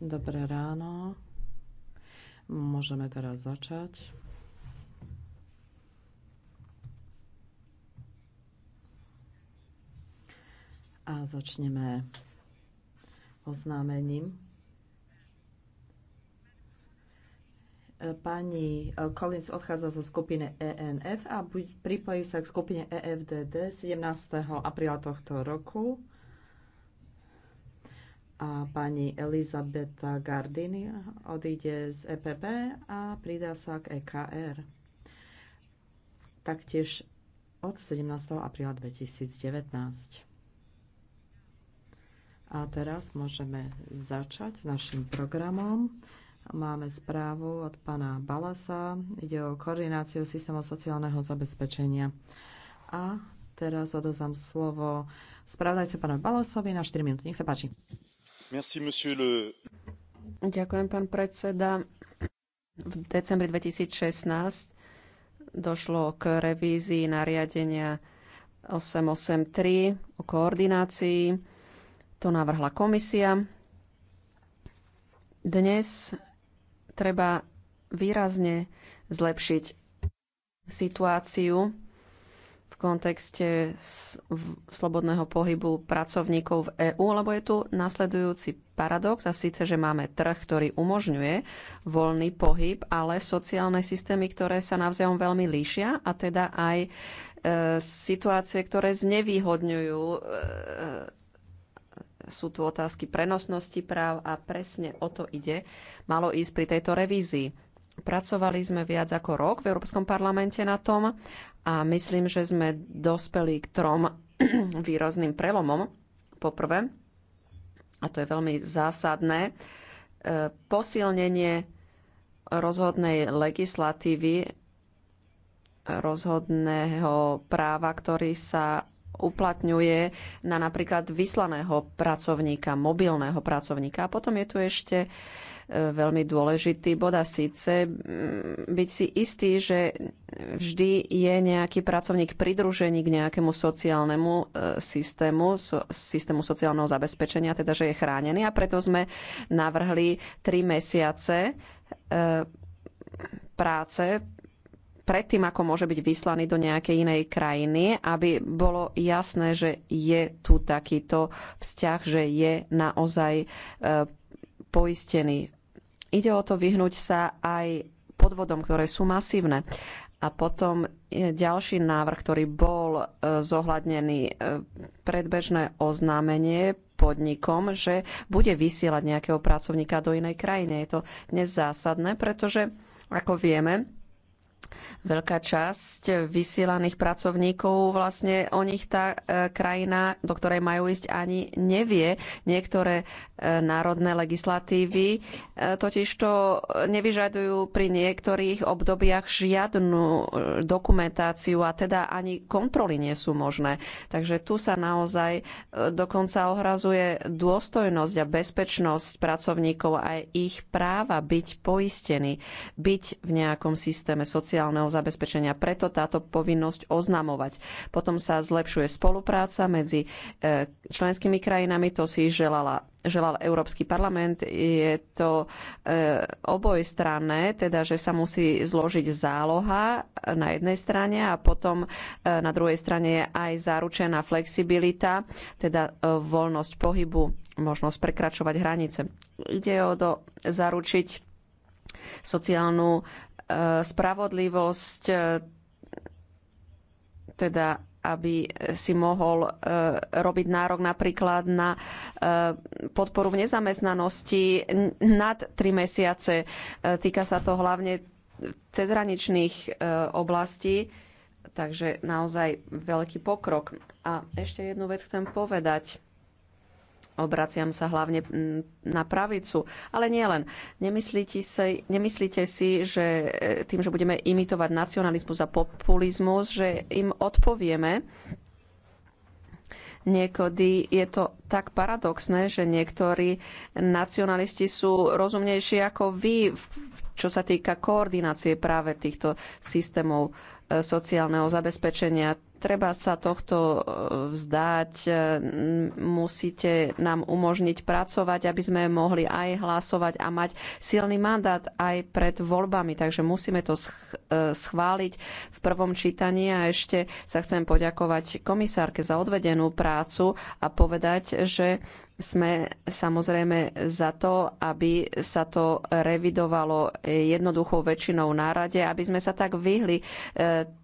Dobré ráno. Môžeme teraz začať. A začneme oznámením. Pani Collins odchádza zo skupiny ENF a pripojí sa k skupine EFDD 17. apríla tohto roku a pani Elizabeta Gardini odíde z EPP a pridá sa k EKR. Taktiež od 17. apríla 2019. A teraz môžeme začať s našim programom. Máme správu od pána Balasa. Ide o koordináciu systému sociálneho zabezpečenia. A teraz odozám slovo spravodajcu pánovi Balasovi na 4 minúty. Nech sa páči. Ďakujem, pán predseda. V decembri 2016 došlo k revízii nariadenia 883 o koordinácii. To navrhla komisia. Dnes treba výrazne zlepšiť situáciu kontexte slobodného pohybu pracovníkov v EÚ, lebo je tu nasledujúci paradox a síce, že máme trh, ktorý umožňuje voľný pohyb, ale sociálne systémy, ktoré sa navzájom veľmi líšia a teda aj e, situácie, ktoré znevýhodňujú. E, e sú tu otázky prenosnosti práv a presne o to ide, malo ísť pri tejto revízii. Pracovali sme viac ako rok v Európskom parlamente na tom a myslím, že sme dospeli k trom výrozným prelomom. Poprvé, a to je veľmi zásadné, e, posilnenie rozhodnej legislatívy, rozhodného práva, ktorý sa uplatňuje na napríklad vyslaného pracovníka, mobilného pracovníka. A potom je tu ešte veľmi dôležitý bod a síce mm, byť si istý, že vždy je nejaký pracovník pridružený k nejakému sociálnemu e, systému, systému sociálneho zabezpečenia, teda že je chránený a preto sme navrhli tri mesiace e, práce predtým, ako môže byť vyslaný do nejakej inej krajiny, aby bolo jasné, že je tu takýto vzťah, že je naozaj e, poistený Ide o to vyhnúť sa aj podvodom, ktoré sú masívne. A potom je ďalší návrh, ktorý bol e, zohľadnený e, predbežné oznámenie podnikom, že bude vysielať nejakého pracovníka do inej krajiny. Je to dnes zásadné, pretože, ako vieme, Veľká časť vysielaných pracovníkov, vlastne o nich tá e, krajina, do ktorej majú ísť, ani nevie. Niektoré e, národné legislatívy e, totiž to nevyžadujú pri niektorých obdobiach žiadnu dokumentáciu a teda ani kontroly nie sú možné. Takže tu sa naozaj dokonca ohrazuje dôstojnosť a bezpečnosť pracovníkov aj ich práva byť poistení, byť v nejakom systéme sociálnej sociálneho zabezpečenia. Preto táto povinnosť oznamovať. Potom sa zlepšuje spolupráca medzi e, členskými krajinami, to si želala želal Európsky parlament, je to e, obojstranné, teda že sa musí zložiť záloha na jednej strane a potom e, na druhej strane je aj zaručená flexibilita, teda e, voľnosť pohybu, možnosť prekračovať hranice. Ide o to zaručiť sociálnu spravodlivosť, e, teda aby si mohol e, robiť nárok napríklad na e, podporu v nezamestnanosti nad 3 mesiace. Týka sa to hlavne cezhraničných oblastí, takže naozaj veľký pokrok. A ešte jednu vec chcem povedať. Obraciam sa hlavne na pravicu. Ale nielen. Nemyslíte si, nemyslíte si, že e, tým, že budeme imitovať nacionalizmus a populizmus, že im odpovieme? Niekedy je to tak paradoxné, že niektorí nacionalisti sú rozumnejší ako vy, čo sa týka koordinácie práve týchto systémov e, sociálneho zabezpečenia Treba sa tohto e, vzdať, e, musíte nám umožniť pracovať, aby sme mohli aj hlasovať a mať silný mandát aj pred voľbami. Takže musíme to e, schváliť v prvom čítaní a ešte sa chcem poďakovať komisárke za odvedenú prácu a povedať, že sme samozrejme za to, aby sa to revidovalo jednoduchou väčšinou na rade, aby sme sa tak vyhli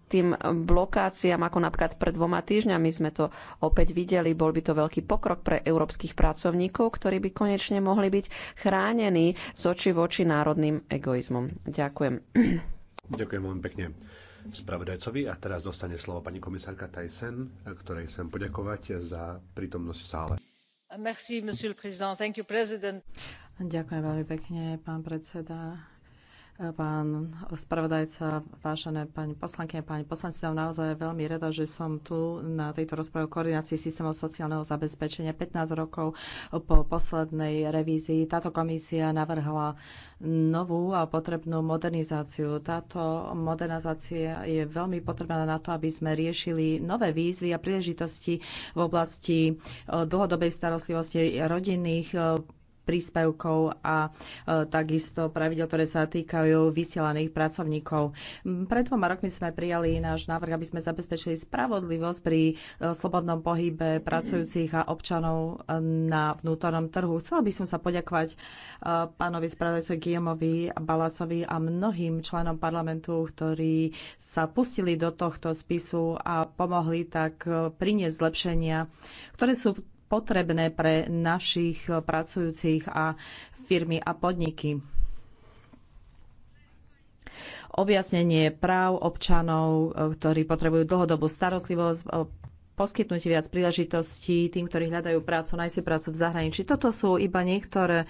tým blokáciám, ako napríklad pred dvoma týždňami sme to opäť videli. Bol by to veľký pokrok pre európskych pracovníkov, ktorí by konečne mohli byť chránení z oči voči národným egoizmom. Ďakujem. Ďakujem veľmi pekne spravodajcovi a teraz dostane slovo pani komisárka Tyson, ktorej chcem poďakovať za prítomnosť v sále. Merci, you, Ďakujem veľmi pekne, pán predseda pán spravodajca, vážené pani poslanky a pani poslanci, som naozaj veľmi rada, že som tu na tejto rozprave o koordinácii systémov sociálneho zabezpečenia 15 rokov po poslednej revízii. Táto komisia navrhla novú a potrebnú modernizáciu. Táto modernizácia je veľmi potrebná na to, aby sme riešili nové výzvy a príležitosti v oblasti eh, dlhodobej starostlivosti rodinných eh, príspevkov a e, takisto pravidel, ktoré sa týkajú vysielaných pracovníkov. Pred dvoma rokmi sme prijali náš návrh, aby sme zabezpečili spravodlivosť pri e, slobodnom pohybe pracujúcich a občanov e, na vnútornom trhu. Chcela by som sa poďakovať pánovi spravodajcovi Guillaumeovi Balasovi a mnohým členom parlamentu, ktorí sa pustili do tohto spisu a pomohli tak priniesť zlepšenia, ktoré sú potrebné pre našich pracujúcich a firmy a podniky. Objasnenie práv občanov, ktorí potrebujú dlhodobú starostlivosť, poskytnutie viac príležitostí tým, ktorí hľadajú prácu, nájsť si prácu v zahraničí. Toto sú iba niektoré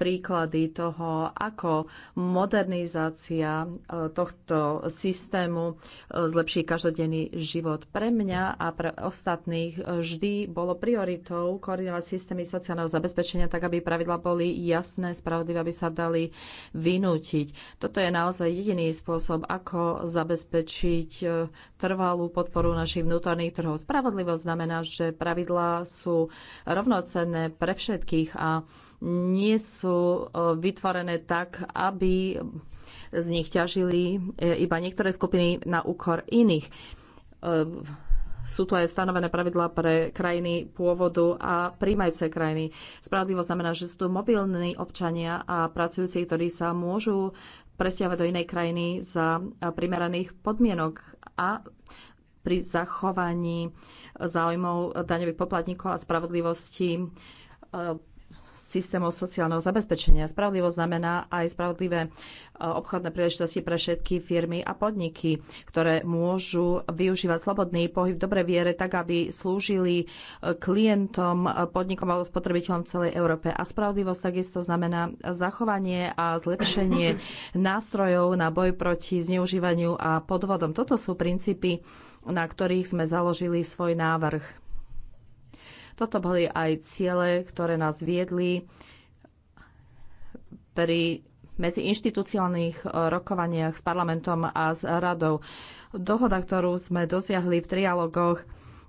príklady toho, ako modernizácia e, tohto systému e, zlepší každodenný život. Pre mňa a pre ostatných vždy bolo prioritou koordinovať systémy sociálneho zabezpečenia tak, aby pravidla boli jasné, spravodlivé, aby sa dali vynútiť. Toto je naozaj jediný spôsob, ako zabezpečiť e, trvalú podporu našich vnútorných trhov. Spravodlivosť znamená, že pravidlá sú rovnocenné pre všetkých a nie sú e, vytvorené tak, aby z nich ťažili e, iba niektoré skupiny na úkor iných. E, sú tu aj stanovené pravidlá pre krajiny pôvodu a príjmajúce krajiny. Spravodlivosť znamená, že sú tu mobilní občania a pracujúci, ktorí sa môžu presťahovať do inej krajiny za primeraných podmienok a pri zachovaní záujmov daňových poplatníkov a spravodlivosti systémov sociálneho zabezpečenia. Spravodlivosť znamená aj spravodlivé e, obchodné príležitosti pre všetky firmy a podniky, ktoré môžu využívať slobodný pohyb v dobrej viere tak, aby slúžili e, klientom, e, podnikom alebo spotrebiteľom celej Európe. A spravodlivosť takisto znamená zachovanie a zlepšenie nástrojov na boj proti zneužívaniu a podvodom. Toto sú princípy, na ktorých sme založili svoj návrh. Toto boli aj ciele, ktoré nás viedli pri medzi inštitúciálnych eh, rokovaniach s parlamentom a s radou. Dohoda, ktorú sme dosiahli v trialogoch,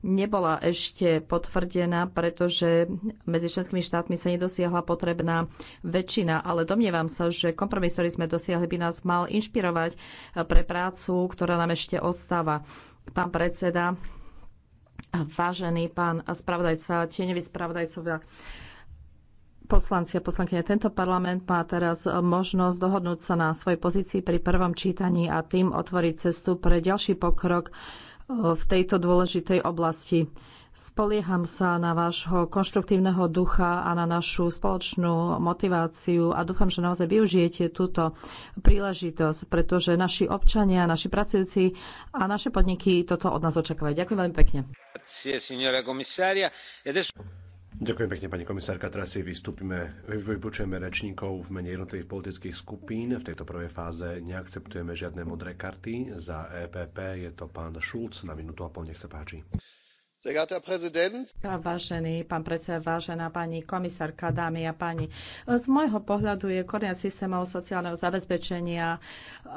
nebola ešte potvrdená, pretože medzi členskými štátmi sa nedosiahla potrebná väčšina, ale domnievam sa, že kompromis, ktorý sme dosiahli, by nás mal inšpirovať eh, pre prácu, ktorá nám ešte ostáva. Pán predseda, Vážený pán spravodajca, tieňový spravodajcovia, poslanci a poslankyne, tento parlament má teraz možnosť dohodnúť sa na svojej pozícii pri prvom čítaní a tým otvoriť cestu pre ďalší pokrok v tejto dôležitej oblasti. Spolieham sa na vášho konštruktívneho ducha a na našu spoločnú motiváciu a dúfam, že naozaj využijete túto príležitosť, pretože naši občania, naši pracujúci a naše podniky toto od nás očakávajú. Ďakujem veľmi pekne. E Ďakujem pekne, pani komisárka. Teraz si vystúpime, vypočujeme rečníkov v mene jednotlivých politických skupín. V tejto prvej fáze neakceptujeme žiadne modré karty. Za EPP je to pán Šulc na minútu a pol, nech sa páči. Vážený pán predseda, vážená pani komisárka, dámy a páni. Z môjho pohľadu je koordinácia systémov sociálneho zabezpečenia eh,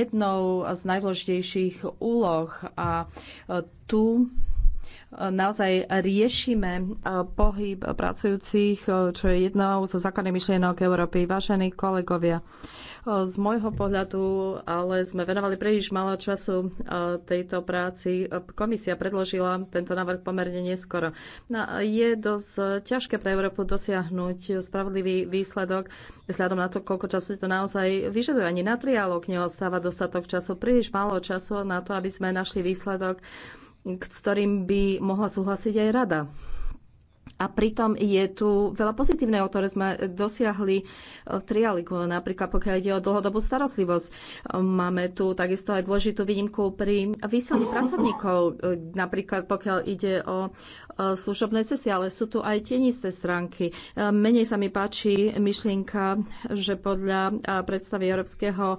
jednou z najdôležitejších úloh a eh, tu eh, naozaj riešime pohyb pracujúcich, čo je jednou zo základných myšlienok Európy. Vážení kolegovia, z môjho pohľadu ale sme venovali príliš malo času tejto práci. Komisia predložila tento návrh pomerne neskoro. No, je dosť ťažké pre Európu dosiahnuť spravodlivý výsledok vzhľadom na to, koľko času si to naozaj vyžaduje. Ani na triálok neostáva dostatok času, príliš málo času na to, aby sme našli výsledok, s ktorým by mohla súhlasiť aj rada. A pritom je tu veľa pozitívneho, ktoré sme dosiahli v trialiku, napríklad pokiaľ ide o dlhodobú starostlivosť. Máme tu takisto aj dôležitú výnimku pri výsledných pracovníkov, napríklad pokiaľ ide o e, služobné cesty, ale sú tu aj tenisté stránky. E, menej sa mi páči myšlienka, že podľa e, predstavy Európskeho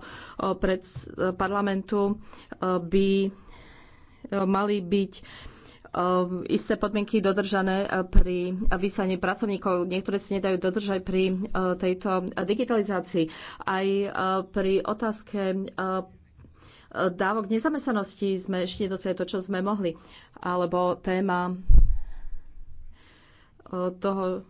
parlamentu by mali byť Um, isté podmienky dodržané uh, pri vysaní pracovníkov. Niektoré si nedajú dodržať pri uh, tejto digitalizácii. Aj uh, pri otázke dávok nezamestnanosti sme ešte nedosiahli to, čo sme mohli. Alebo téma toho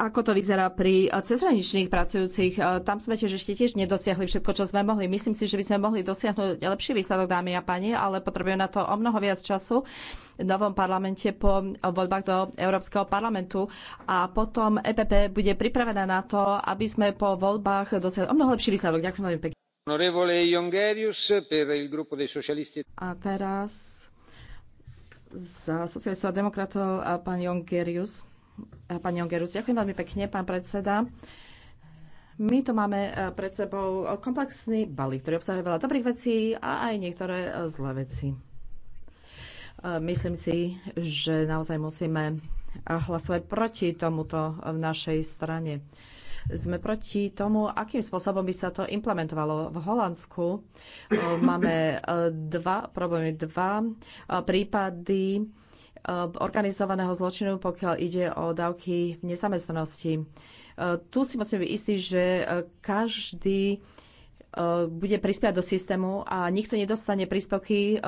ako to vyzerá pri cezhraničných pracujúcich. E, tam sme tiež ešte tiež nedosiahli všetko, čo sme mohli. Myslím si, že by sme mohli dosiahnuť lepší výsledok, dámy a páni, ale potrebujeme na to o mnoho viac času v novom parlamente po voľbách do Európskeho parlamentu. A potom EPP bude pripravená na to, aby sme po voľbách dosiahli o mnoho lepší výsledok. Ďakujem veľmi pekne. A teraz za socialistov a demokratov a pán Jongerius. Eh, pani Ongerus, ďakujem veľmi pekne, pán predseda. My tu máme eh, pred sebou komplexný balík, ktorý obsahuje veľa dobrých vecí a aj niektoré eh, zlé veci. Myslím si, že naozaj musíme hlasovať proti tomuto v našej strane. Sme proti tomu, akým spôsobom by sa to implementovalo. V Holandsku máme dva problémy, dva prípady organizovaného zločinu, pokiaľ ide o dávky v nezamestnanosti. E, tu si musíme byť istí, že e, každý e, bude prispiať do systému a nikto nedostane príspevky,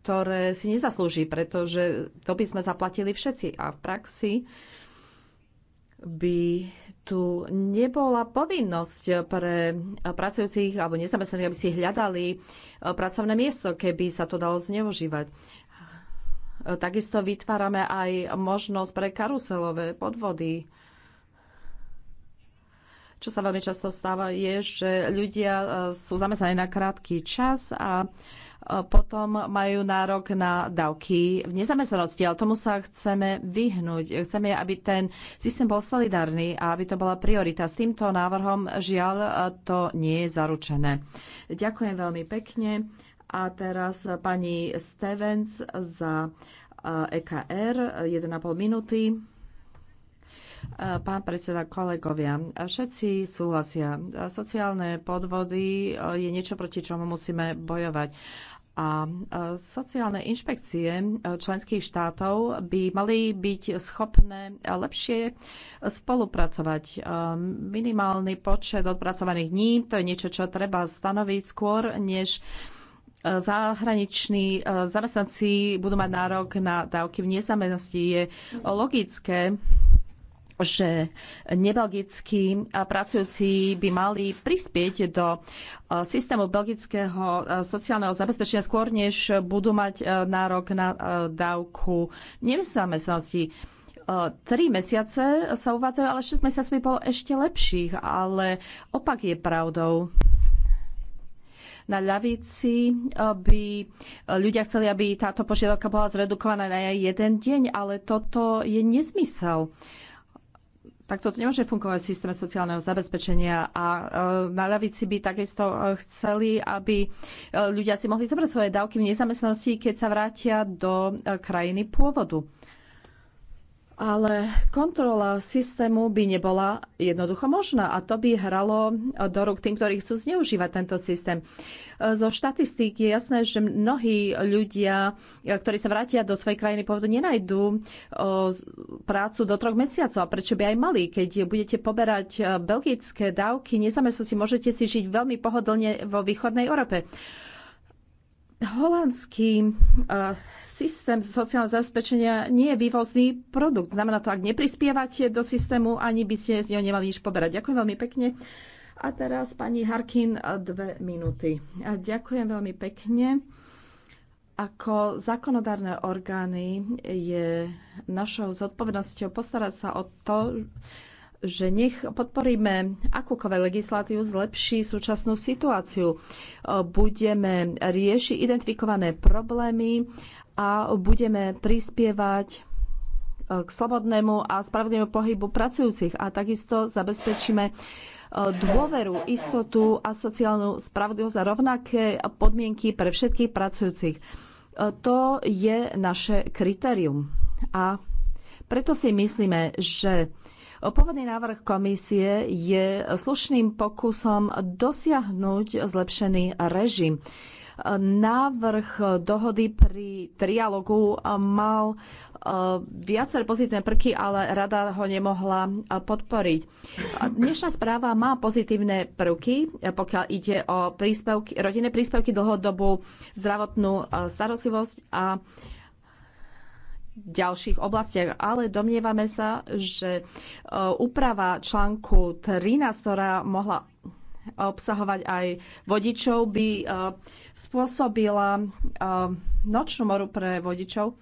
ktoré si nezaslúži, pretože to by sme zaplatili všetci. A v praxi by tu nebola povinnosť pre pracujúcich alebo nezamestnaných, aby si hľadali pracovné miesto, keby sa to dalo zneužívať. Takisto vytvárame aj možnosť pre karuselové podvody. Čo sa veľmi často stáva je, že ľudia e, sú zamestnaní na krátky čas a e, potom majú nárok na dávky v nezamestnanosti, ale tomu sa chceme vyhnúť. Chceme, aby ten systém bol solidárny a aby to bola priorita. S týmto návrhom žiaľ e, to nie je zaručené. Ďakujem veľmi pekne a teraz pani Stevens za EKR, e 1,5 minúty. E, pán predseda, kolegovia, všetci súhlasia. Sociálne podvody e, je niečo, proti čomu musíme bojovať. A sociálne inšpekcie členských štátov by mali byť schopné lepšie spolupracovať. Minimálny počet odpracovaných dní, to je niečo, čo treba stanoviť skôr, než zahraniční e, zamestnanci budú mať nárok na dávky v nezamestnanosti. Je logické, že nebelgickí pracujúci by mali prispieť do e, systému belgického e, sociálneho zabezpečenia skôr, než budú mať nárok na dávku nezamestnanosti. Tri mesiace sa uvádzajú, ale 6 by bolo ešte lepších, ale opak je pravdou na ľavici by ľudia chceli, aby táto požiadavka bola zredukovaná na jeden deň, ale toto je nezmysel. Tak toto nemôže fungovať v systéme sociálneho zabezpečenia a e, na ľavici by takisto e, chceli, aby e, ľudia si mohli zobrať svoje dávky v nezamestnanosti, keď sa vrátia do krajiny pôvodu. Ale kontrola systému by nebola jednoducho možná a to by hralo do rúk tým, ktorí chcú zneužívať tento systém. Zo štatistík je jasné, že mnohí ľudia, ktorí sa vrátia do svojej krajiny povedú, nenajdú prácu do troch mesiacov. A prečo by aj mali? Keď budete poberať e, belgické dávky si môžete si žiť veľmi pohodlne vo východnej Európe holandský e, systém sociálneho zabezpečenia nie je vývozný produkt. Znamená to, ak neprispievate do systému, ani by ste z neho nemali nič poberať. Ďakujem veľmi pekne. A teraz pani Harkin, dve minúty. A ďakujem veľmi pekne. Ako zákonodárne orgány je našou zodpovednosťou postarať sa o to, že nech podporíme akúkoľvek legislatívu, zlepší súčasnú situáciu. Budeme riešiť identifikované problémy a budeme prispievať e, k slobodnému a spravodlivému pohybu pracujúcich a takisto zabezpečíme e, dôveru, istotu a sociálnu spravodlivosť a rovnaké podmienky pre všetkých pracujúcich. E, to je naše kritérium. A preto si myslíme, že Pôvodný návrh komisie je slušným pokusom dosiahnuť zlepšený režim. Návrh dohody pri trialogu mal e, viaceré pozitívne prvky, ale rada ho nemohla e, podporiť. Dnešná správa má pozitívne prvky, e, pokiaľ ide o príspevky, rodinné príspevky, dlhodobú zdravotnú starostlivosť a ďalších oblastiach, ale domnievame sa, že úprava článku 13, ktorá mohla obsahovať aj vodičov, by e, spôsobila e, nočnú moru pre vodičov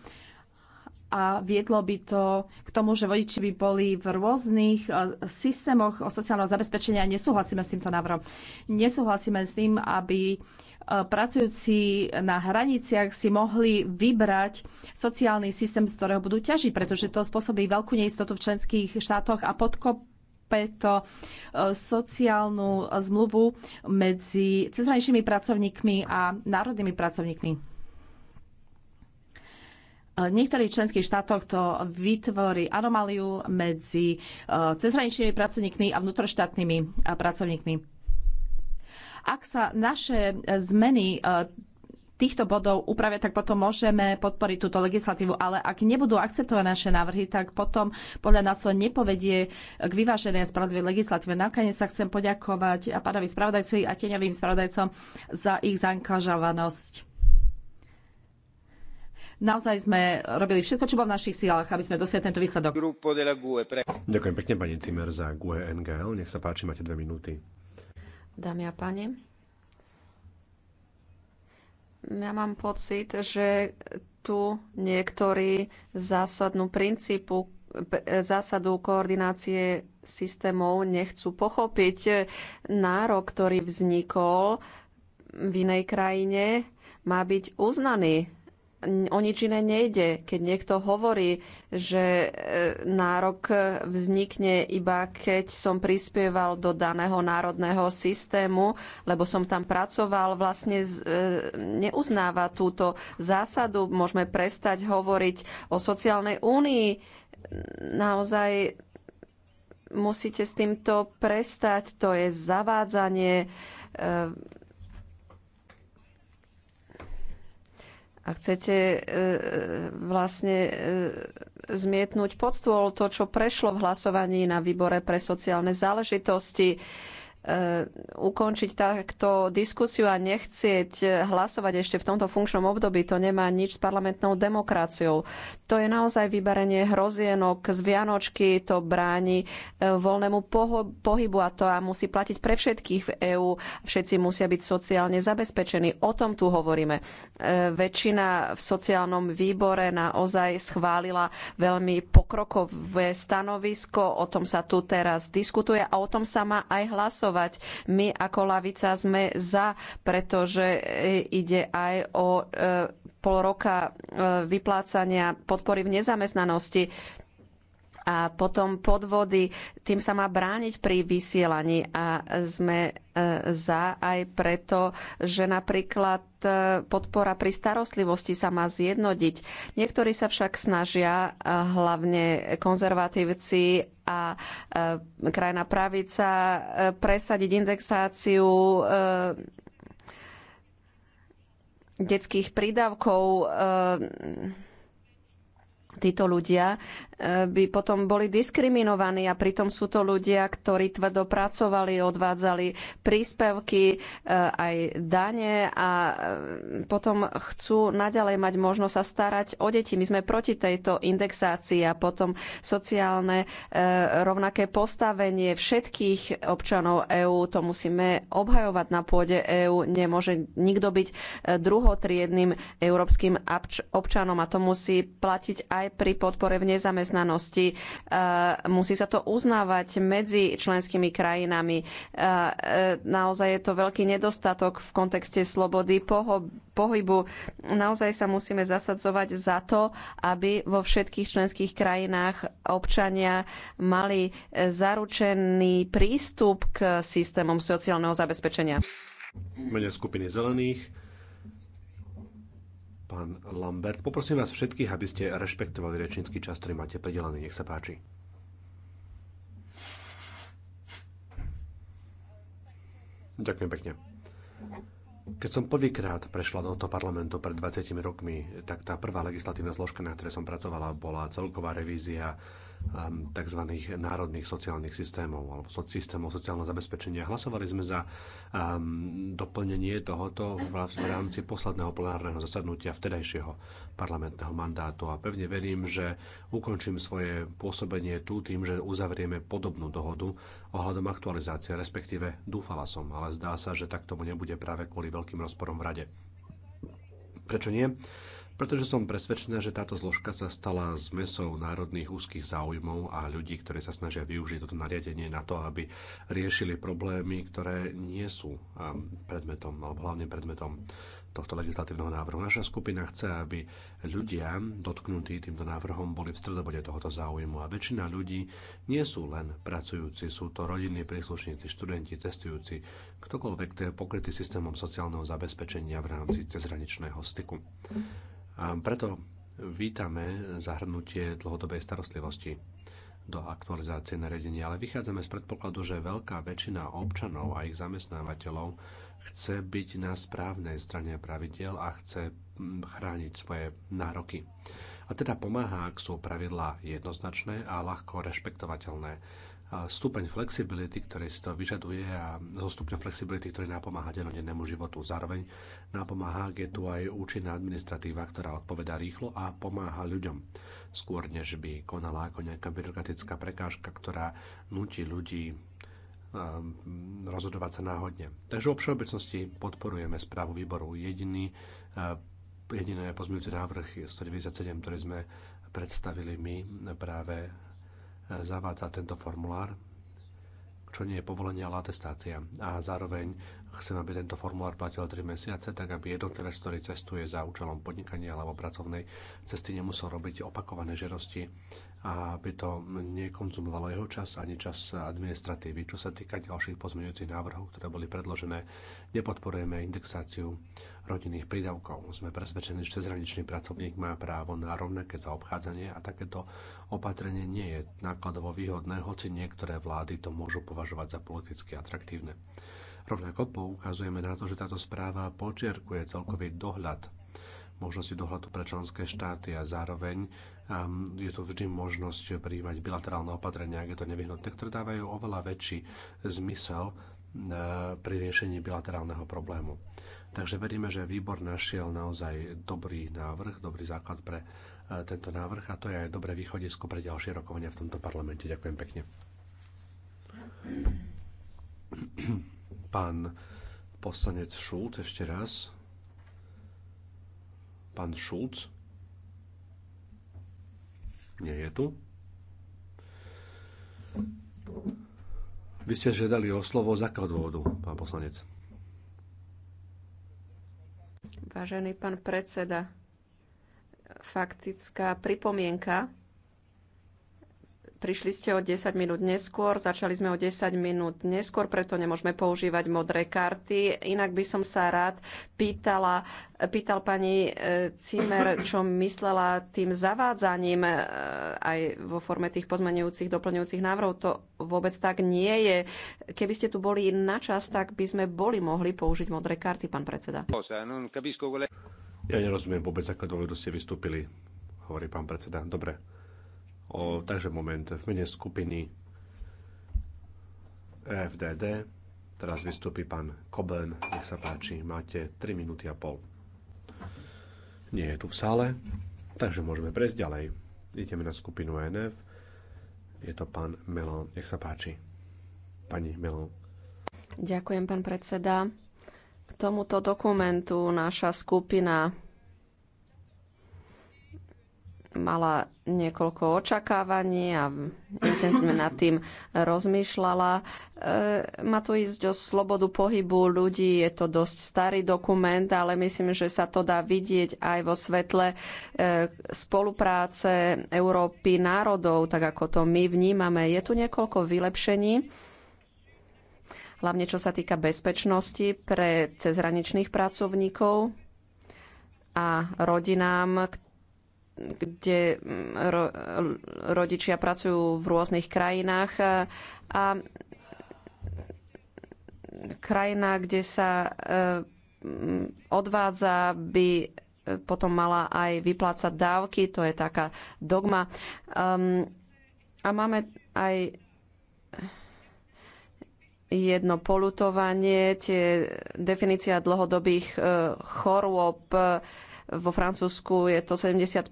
a viedlo by to k tomu, že vodiči by boli v rôznych e, systémoch sociálneho zabezpečenia a nesúhlasíme s týmto návrhom. Nesúhlasíme s tým, aby pracujúci na hraniciach si mohli vybrať sociálny systém, z ktorého budú ťažiť, pretože to spôsobí veľkú neistotu v členských štátoch a podkop peto e, sociálnu zmluvu medzi cezhraničnými pracovníkmi a národnými pracovníkmi. E, v niektorých členských štátoch to vytvorí anomáliu medzi e, cezhraničnými pracovníkmi a vnútroštátnymi pracovníkmi. Ak sa naše zmeny týchto bodov upravia, tak potom môžeme podporiť túto legislatívu. Ale ak nebudú akceptované naše návrhy, tak potom podľa nás to nepovedie k vyváženej a spravodlivej legislatíve. Nakoniec sa chcem poďakovať a pánovi spravodajcovi a tieňovým spravodajcom za ich zaangažovanosť. Naozaj sme robili všetko, čo bolo v našich sílach, aby sme dosiahli tento výsledok. E Ďakujem pekne, pani Cimer, za GUE NGL. Nech sa páči, máte dve minúty. Dámy a páni, ja mám pocit, že tu niektorí zásadnú princípu, e, zásadu koordinácie systémov nechcú pochopiť. Nárok, ktorý vznikol v inej krajine, má byť uznaný o nič iné nejde. Keď niekto hovorí, že e, nárok e, vznikne iba keď som prispieval do daného národného systému, lebo som tam pracoval, vlastne e, neuznáva túto zásadu. Môžeme prestať hovoriť o sociálnej únii. Naozaj musíte s týmto prestať. To je zavádzanie a chcete e, e, vlastne e, zmietnúť pod stôl to, čo prešlo v hlasovaní na výbore pre sociálne záležitosti. E, E, ukončiť takto diskusiu a nechcieť hlasovať ešte v tomto funkčnom období. To nemá nič s parlamentnou demokraciou. To je naozaj vyberenie hrozienok z Vianočky, to bráni e, voľnému pohybu a to a musí platiť pre všetkých v EÚ. Všetci musia byť sociálne zabezpečení. O tom tu hovoríme. E, väčšina v sociálnom výbore naozaj schválila veľmi pokrokové stanovisko. O tom sa tu teraz diskutuje a o tom sa má aj hlasovať hlasovať. My ako lavica sme za, pretože e, ide aj o e, pol roka e, vyplácania podpory v nezamestnanosti a potom podvody. Tým sa má brániť pri vysielaní a sme e, za aj preto, že napríklad e, podpora pri starostlivosti sa má zjednodiť. Niektorí sa však snažia, e, hlavne konzervatívci a krajná pravica, presadiť indexáciu detských prídavkov títo ľudia by potom boli diskriminovaní a pritom sú to ľudia, ktorí tvrdo pracovali, odvádzali príspevky, e, aj dane a e, potom chcú naďalej mať možnosť sa starať o deti. My sme proti tejto indexácii a potom sociálne e, rovnaké postavenie všetkých občanov EÚ, to musíme obhajovať na pôde EÚ. Nemôže nikto byť druhotriedným európskym občanom a to musí platiť aj pri podpore v nezamestnanosti zamestnanosti. E, musí sa to uznávať medzi členskými krajinami. E, e, naozaj je to veľký nedostatok v kontexte slobody pohybu. Naozaj sa musíme zasadzovať za to, aby vo všetkých členských krajinách občania mali zaručený prístup k systémom sociálneho zabezpečenia. Mene skupiny zelených Pán Lambert, poprosím vás všetkých, aby ste rešpektovali rečnícky čas, ktorý máte pridelený. Nech sa páči. Ďakujem pekne. Keď som prvýkrát prešla do tohto parlamentu pred 20 rokmi, tak tá prvá legislatívna zložka, na ktorej som pracovala, bola celková revízia Um, tzv. národných sociálnych systémov alebo systémov sociálneho zabezpečenia. Hlasovali sme za um, doplnenie tohoto v rámci posledného plenárneho zasadnutia vtedajšieho parlamentného mandátu a pevne verím, že ukončím svoje pôsobenie tu tým, že uzavrieme podobnú dohodu ohľadom aktualizácie, respektíve dúfala som, ale zdá sa, že tak tomu nebude práve kvôli veľkým rozporom v rade. Prečo nie? pretože som presvedčená, že táto zložka sa stala zmesou národných úzkých záujmov a ľudí, ktorí sa snažia využiť toto nariadenie na to, aby riešili problémy, ktoré nie sú um, predmetom, alebo hlavne predmetom tohto legislatívneho návrhu. Naša skupina chce, aby ľudia dotknutí týmto návrhom boli v stredobode tohoto záujmu a väčšina ľudí nie sú len pracujúci, sú to rodinní príslušníci, študenti, cestujúci, ktokoľvek, kto je pokrytý systémom sociálneho zabezpečenia v rámci cezhraničného styku. A preto vítame zahrnutie dlhodobej starostlivosti do aktualizácie nariadenia, ale vychádzame z predpokladu, že veľká väčšina občanov a ich zamestnávateľov chce byť na správnej strane pravidel a chce mm, chrániť svoje nároky. A teda pomáha, ak sú pravidlá jednoznačné a ľahko rešpektovateľné stupeň flexibility, ktorý si to vyžaduje a zo stupňa flexibility, ktorý napomáha denodennému životu. Zároveň napomáha, je tu aj účinná administratíva, ktorá odpoveda rýchlo a pomáha ľuďom. Skôr než by konala ako nejaká byrokratická prekážka, ktorá nutí ľudí ehm, rozhodovať sa náhodne. Takže vo všeobecnosti podporujeme správu výboru. Jediný, ehm, jediné pozmeňujúci návrh je 197, ktorý sme predstavili my práve zavádza tento formulár, čo nie je povolenie, ale atestácia. A zároveň Chcem, aby tento formulár platil 3 mesiace, tak aby jednotlivec, ktorý cestuje za účelom podnikania alebo pracovnej cesty, nemusel robiť opakované žiadosti a aby to nekonzumovalo jeho čas ani čas administratívy. Čo sa týka ďalších pozmeňujúcich návrhov, ktoré boli predložené, nepodporujeme indexáciu rodinných prídavkov. Sme presvedčení, že cezhraničný pracovník má právo na rovnaké zaobchádzanie a takéto opatrenie nie je nákladovo výhodné, hoci niektoré vlády to môžu považovať za politicky atraktívne. Rovnako poukazujeme na to, že táto správa počiarkuje celkový dohľad možnosti dohľadu pre členské štáty a zároveň ehm, je tu vždy možnosť prijímať bilaterálne opatrenia, ak je to nevyhnutné, ktoré dávajú oveľa väčší zmysel e, pri riešení bilaterálneho problému. Takže veríme, že výbor našiel naozaj dobrý návrh, dobrý základ pre e, tento návrh a to je aj dobré východisko pre ďalšie rokovania v tomto parlamente. Ďakujem pekne. Pán poslanec Šult ešte raz. Pán Šulc? Nie je tu. Vy ste žiadali o slovo z akého dôvodu, pán poslanec? Vážený pán predseda, faktická pripomienka Prišli ste o 10 minút neskôr, začali sme o 10 minút neskôr, preto nemôžeme používať modré karty. Inak by som sa rád pýtala, pýtal pani e, Cimer, čo myslela tým zavádzaním e, aj vo forme tých pozmenujúcich, doplňujúcich návrhov. To vôbec tak nie je. Keby ste tu boli na čas, tak by sme boli mohli použiť modré karty, pán predseda. Ja nerozumiem vôbec, ako dôvodu ste vystúpili, hovorí pán predseda. Dobre, O, takže moment, v mene skupiny EFDD teraz vystúpi pán Koben. Nech sa páči, máte 3 minúty a pol. Nie je tu v sále, takže môžeme prejsť ďalej. Ideme na skupinu ENF. Je to pán Melon. Nech sa páči. Pani Melon. Ďakujem, pán predseda. K tomuto dokumentu naša skupina mala niekoľko očakávaní a intenzívne nad tým rozmýšľala. E, má tu ísť o slobodu pohybu ľudí, je to dosť starý dokument, ale myslím, že sa to dá vidieť aj vo svetle e, spolupráce Európy národov, tak ako to my vnímame. Je tu niekoľko vylepšení hlavne čo sa týka bezpečnosti pre cezhraničných pracovníkov a rodinám, kde mm, ro, rodičia pracujú v rôznych krajinách e, a krajina, kde sa e, mm, odvádza, by potom mala aj vyplácať dávky, to je taká dogma. Um, a máme aj jedno polutovanie, tie definícia dlhodobých e, chorôb. E, vo Francúzsku je to 70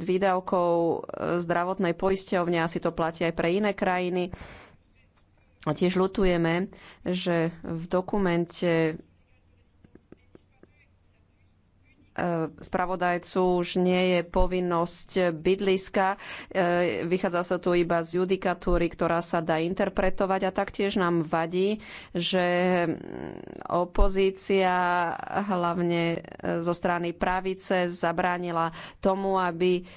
výdavkov e, zdravotnej poisťovne, asi to platí aj pre iné krajiny. A tiež lutujeme, že v dokumente E, spravodajcu už nie je povinnosť bydliska. E, vychádza sa tu iba z judikatúry, ktorá sa dá interpretovať a taktiež nám vadí, že opozícia hlavne e, zo strany pravice zabránila tomu, aby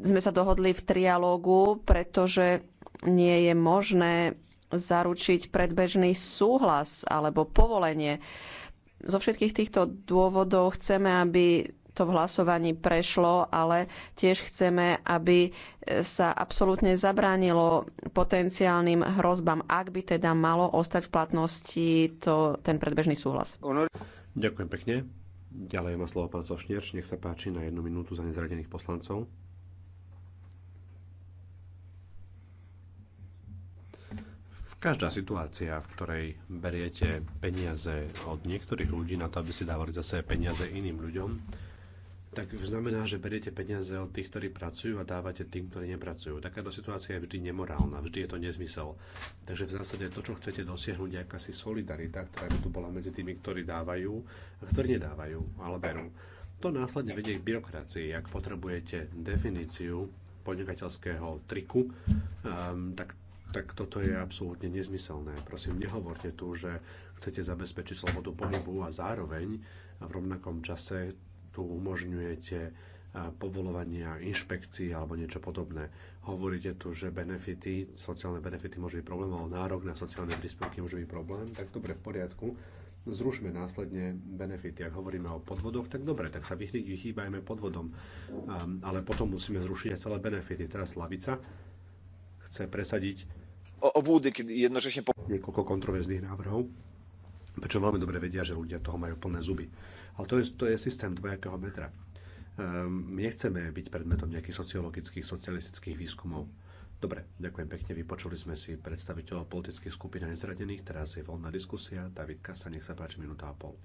sme sa dohodli v trialógu, pretože nie je možné zaručiť predbežný súhlas alebo povolenie. Uh, zo všetkých týchto dôvodov chceme, aby to v hlasovaní prešlo, ale tiež chceme, aby e, sa absolútne zabránilo potenciálnym hrozbám, ak by teda malo ostať v platnosti to, ten predbežný súhlas. Ďakujem pekne. Ďalej má slovo pán Sošnierš, nech sa páči na jednu minútu za nezradených poslancov. Každá situácia, v ktorej beriete peniaze od niektorých ľudí na to, aby ste dávali zase peniaze iným ľuďom, tak znamená, že beriete peniaze od tých, ktorí pracujú a dávate tým, ktorí nepracujú. Takáto situácia je vždy nemorálna, vždy je to nezmysel. Takže v zásade to, čo chcete dosiahnuť, je akási solidarita, ktorá by tu bola medzi tými, ktorí dávajú a ktorí nedávajú, ale berú. To následne vedie k byrokracii. Ak potrebujete definíciu podnikateľského triku, um, tak tak toto je absolútne nezmyselné. Prosím, nehovorte tu, že chcete zabezpečiť slobodu pohybu a zároveň v rovnakom čase tu umožňujete povolovania inšpekcií alebo niečo podobné. Hovoríte tu, že benefity, sociálne benefity môžu byť problém, ale nárok na sociálne príspevky môže byť problém, tak dobre, v poriadku. Zrušme následne benefity. Ak hovoríme o podvodoch, tak dobre, tak sa vychýbajme podvodom. Um, ale potom musíme zrušiť aj celé benefity. Teraz lavica chce presadiť búdy, keď jednočasne... Po... Niekoľko kontroverzných návrhov, prečo veľmi dobre vedia, že ľudia toho majú plné zuby. Ale to je, to je systém dvojakého metra. Um, nechceme byť predmetom nejakých sociologických, socialistických výskumov. Dobre, ďakujem pekne. Vypočuli sme si predstaviteľov politických skupín a nezradených. Teraz je voľná diskusia. David Kasa, nech sa páči, minúta a pol.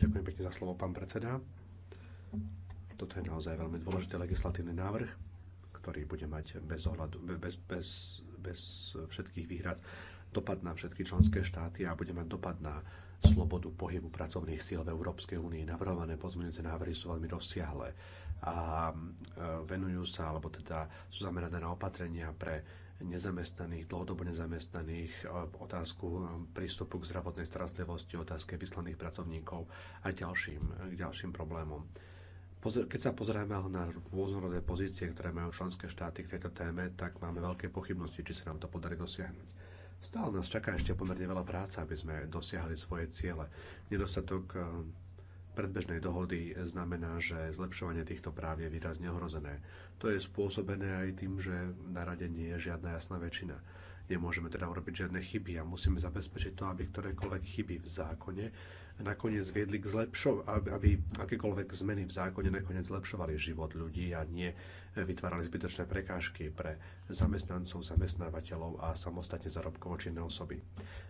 Ďakujem pekne za slovo, pán predseda. Toto je naozaj veľmi dôležitý legislatívny návrh ktorý bude mať bez, ohľadu, bez, bez, bez všetkých výhrad dopad na všetky členské štáty a bude mať dopad na slobodu pohybu pracovných síl v Európskej únii. Navrhované pozmeňujúce návrhy sú veľmi rozsiahle a e, venujú sa, alebo teda sú zamerané na opatrenia pre nezamestnaných, dlhodobo nezamestnaných, e, otázku e, prístupu k zdravotnej starostlivosti, otázke vyslaných pracovníkov a ďalším, k ďalším problémom keď sa pozrieme na rôznorodé pozície, ktoré majú členské štáty k tejto téme, tak máme veľké pochybnosti, či sa nám to podarí dosiahnuť. Stále nás čaká ešte pomerne veľa práce, aby sme dosiahli svoje ciele. Nedostatok eh, predbežnej dohody znamená, že zlepšovanie týchto práv je výrazne ohrozené. To je spôsobené aj tým, že na rade nie je žiadna jasná väčšina. Nemôžeme teda urobiť žiadne chyby a musíme zabezpečiť to, aby ktorékoľvek chyby v zákone nakoniec viedli k zlepšov, aby akékoľvek zmeny v zákone nakoniec zlepšovali život ľudí a nie e, vytvárali zbytočné prekážky pre zamestnancov, zamestnávateľov a samostatne zarobkovo činné osoby.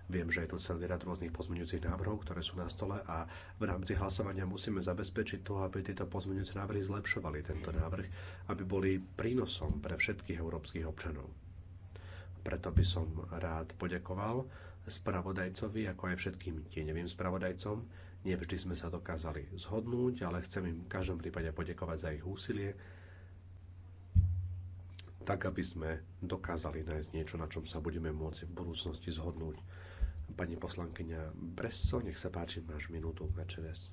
Viem, že je tu celý rad rôznych pozmeňujúcich návrhov, ktoré sú na stole a v rámci hlasovania musíme zabezpečiť to, aby tieto pozmeňujúce návrhy zlepšovali tento návrh, aby boli prínosom pre všetkých európskych občanov. Preto by som rád poďakoval spravodajcovi, ako aj všetkým tieňovým spravodajcom. Nevždy sme sa dokázali zhodnúť, ale chcem im v každom prípade podekovať za ich úsilie, tak aby sme dokázali nájsť niečo, na čom sa budeme môcť v budúcnosti zhodnúť. Pani poslankyňa Bresso, nech sa páči, máš minútu na čeres.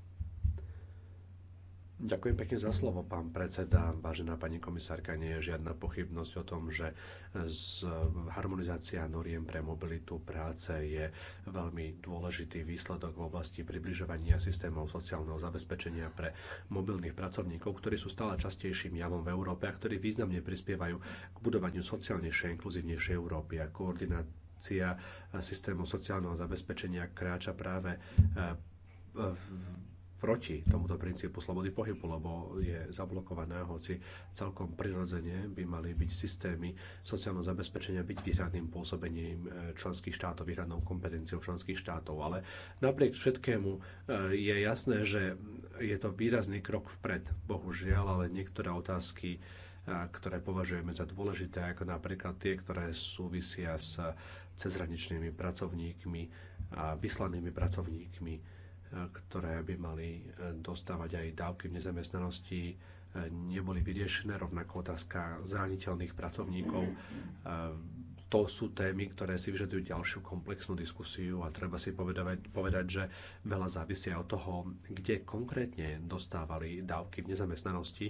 Ďakujem pekne za slovo, pán predseda. Vážená pani komisárka, nie je žiadna pochybnosť o tom, že z harmonizácia noriem pre mobilitu práce je veľmi dôležitý výsledok v oblasti približovania systémov sociálneho zabezpečenia pre mobilných pracovníkov, ktorí sú stále častejším javom v Európe a ktorí významne prispievajú k budovaniu sociálnejšej a inkluzívnejšej Európy a koordinácia systémov sociálneho zabezpečenia kráča práve eh, v proti tomuto princípu slobody pohybu, lebo je zablokované, hoci celkom prirodzene by mali byť systémy sociálneho zabezpečenia byť výhradným pôsobením e, členských štátov, výhradnou kompetenciou členských štátov. Ale napriek všetkému e, je jasné, že je to výrazný krok vpred, bohužiaľ, ale niektoré otázky e, ktoré považujeme za dôležité, ako napríklad tie, ktoré súvisia s cezhraničnými pracovníkmi a vyslanými pracovníkmi ktoré by mali e, dostávať aj dávky v nezamestnanosti, e, neboli vyriešené, rovnako otázka zraniteľných pracovníkov. E, to sú témy, ktoré si vyžadujú ďalšiu komplexnú diskusiu a treba si povedať, povedať že veľa závisia od toho, kde konkrétne dostávali dávky v nezamestnanosti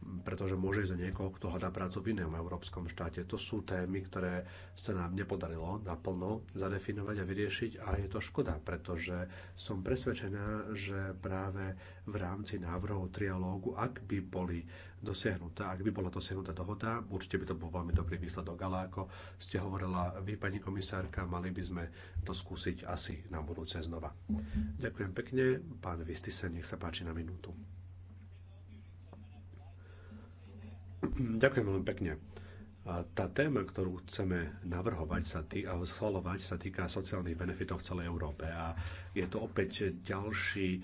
pretože môže ísť za niekoho, kto hľadá prácu v inom európskom štáte. To sú témy, ktoré sa nám nepodarilo naplno zadefinovať a vyriešiť a je to škoda, pretože som presvedčená, že práve v rámci návrhov trialógu, ak by boli dosiahnutá, ak by bola dosiahnutá dohoda, určite by to bol veľmi dobrý výsledok, ale ako ste hovorila vy, pani komisárka, mali by sme to skúsiť asi na budúce znova. Ďakujem pekne, pán Vistisen, nech sa páči na minútu. Ďakujem veľmi pekne. A tá téma, ktorú chceme navrhovať sa tý, a schvalovať, sa týka sociálnych benefitov v celej Európe. A je to opäť ďalší e,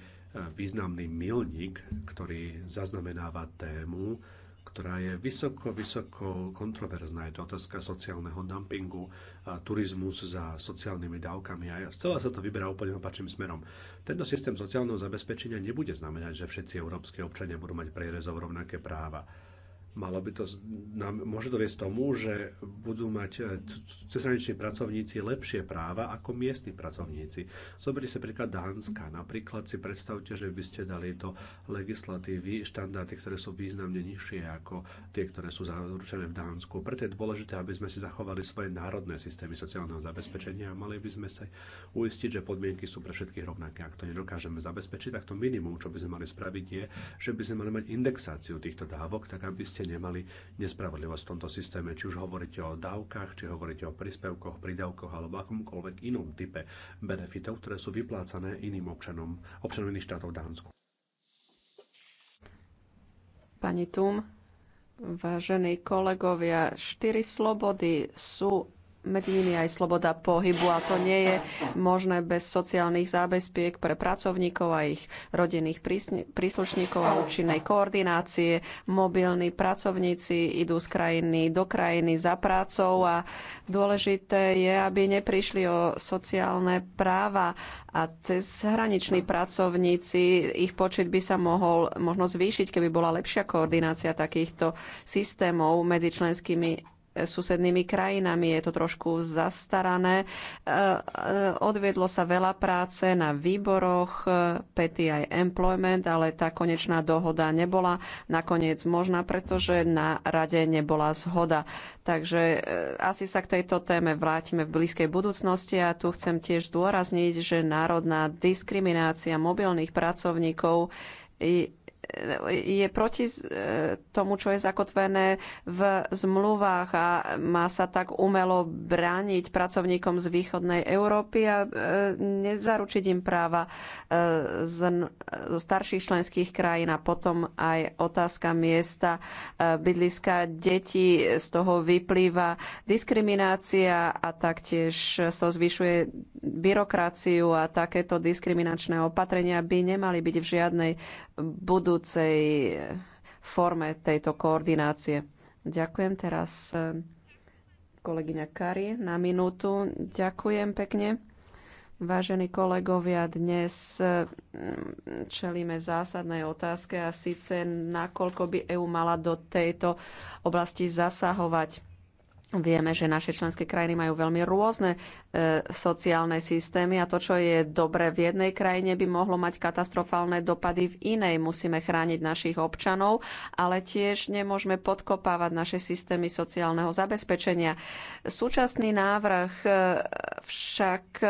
významný milník, ktorý zaznamenáva tému, ktorá je vysoko, vysoko kontroverzná. Je to otázka sociálneho dumpingu, a turizmus za sociálnymi dávkami a celá sa to vyberá úplne opačným smerom. Tento systém sociálneho zabezpečenia nebude znamenať, že všetci európske občania budú mať prierezov rovnaké práva Malo by to nám, môže to viesť tomu, že budú mať e, cezhraniční pracovníci lepšie práva ako miestni pracovníci. Zoberte si príklad Dánska. Napríklad si predstavte, že by ste dali do legislatívy štandardy, ktoré sú významne nižšie ako tie, ktoré sú zaručené v Dánsku. Preto je dôležité, aby sme si zachovali svoje národné systémy sociálneho zabezpečenia a mali by sme sa uistiť, že podmienky sú pre všetkých rovnaké. Ak to nedokážeme zabezpečiť, tak to minimum, čo by sme mali spraviť, je, že by sme mali mať indexáciu týchto dávok, tak aby ste nemali nespravodlivosť v tomto systéme. Či už hovoríte o dávkach, či hovoríte o príspevkoch, pridavkoch alebo akomkoľvek inom type benefitov, ktoré sú vyplácané iným občanom, občanom iných štátov Dánsku. Pani Tum, vážení kolegovia, štyri slobody sú medzi nimi aj sloboda pohybu a to nie je možné bez sociálnych zábezpiek pre pracovníkov a ich rodinných príslušníkov a účinnej koordinácie. Mobilní pracovníci idú z krajiny do krajiny za prácou a dôležité je, aby neprišli o sociálne práva a cez hraniční pracovníci ich počet by sa mohol možno zvýšiť, keby bola lepšia koordinácia takýchto systémov medzi členskými susednými krajinami. Je to trošku zastarané. E, e, odviedlo sa veľa práce na výboroch e, pety aj Employment, ale tá konečná dohoda nebola nakoniec možná, pretože na rade nebola zhoda. Takže asi sa k tejto téme vrátime v blízkej budúcnosti a tu chcem tiež zdôrazniť, že národná diskriminácia mobilných pracovníkov je proti e, tomu, čo je zakotvené v zmluvách a má sa tak umelo brániť pracovníkom z východnej Európy a e, nezaručiť im práva e, z starších členských krajín a potom aj otázka miesta bydliska detí. Z toho vyplýva diskriminácia a taktiež sa zvyšuje byrokraciu a takéto diskriminačné opatrenia by nemali byť v žiadnej budúcnosti budúcej eh, forme tejto koordinácie. Ďakujem teraz eh, kolegyňa Kari na minútu. Ďakujem pekne. Vážení kolegovia, dnes eh, čelíme zásadnej otázke a síce nakoľko by EU mala do tejto oblasti zasahovať Vieme, že naše členské krajiny majú veľmi rôzne e, sociálne systémy a to, čo je dobre v jednej krajine, by mohlo mať katastrofálne dopady v inej. Musíme chrániť našich občanov, ale tiež nemôžeme podkopávať naše systémy sociálneho zabezpečenia. Súčasný návrh e, však e,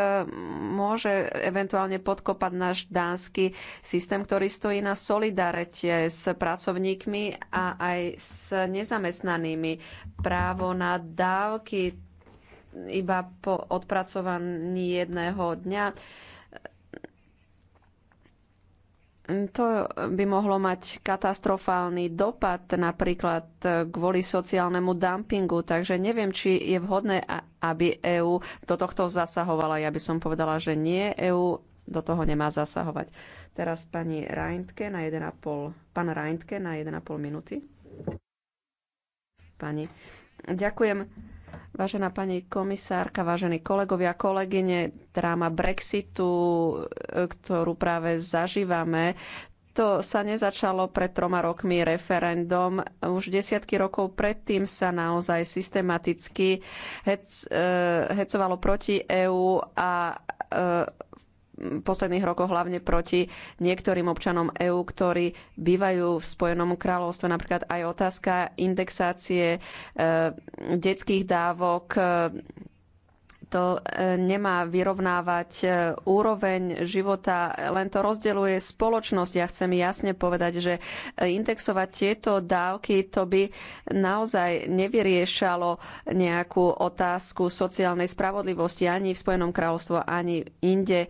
môže eventuálne podkopať náš dánsky systém, ktorý stojí na solidarite s pracovníkmi a aj s nezamestnanými. Právo na dávky iba po odpracovaní jedného dňa to by mohlo mať katastrofálny dopad napríklad kvôli sociálnemu dumpingu, takže neviem, či je vhodné, aby EÚ do tohto zasahovala. Ja by som povedala, že nie, EÚ do toho nemá zasahovať. Teraz pani Reintke na 1,5, pán Reintke na 1,5 minúty. Pani, ďakujem. Vážená pani komisárka, vážení kolegovia, kolegyne, dráma Brexitu, e, ktorú práve zažívame, to sa nezačalo pred troma rokmi referendum. Už desiatky rokov predtým sa naozaj systematicky hec, e, hecovalo proti EÚ a e, posledných rokoch hlavne proti niektorým občanom EÚ, ktorí bývajú v Spojenom kráľovstve. Napríklad aj otázka indexácie e, detských dávok. E, to e, nemá vyrovnávať e, úroveň života, len to rozdeluje spoločnosť. Ja chcem jasne povedať, že e, indexovať tieto dávky to by naozaj nevyriešalo nejakú otázku sociálnej spravodlivosti ani v Spojenom kráľovstve, ani inde.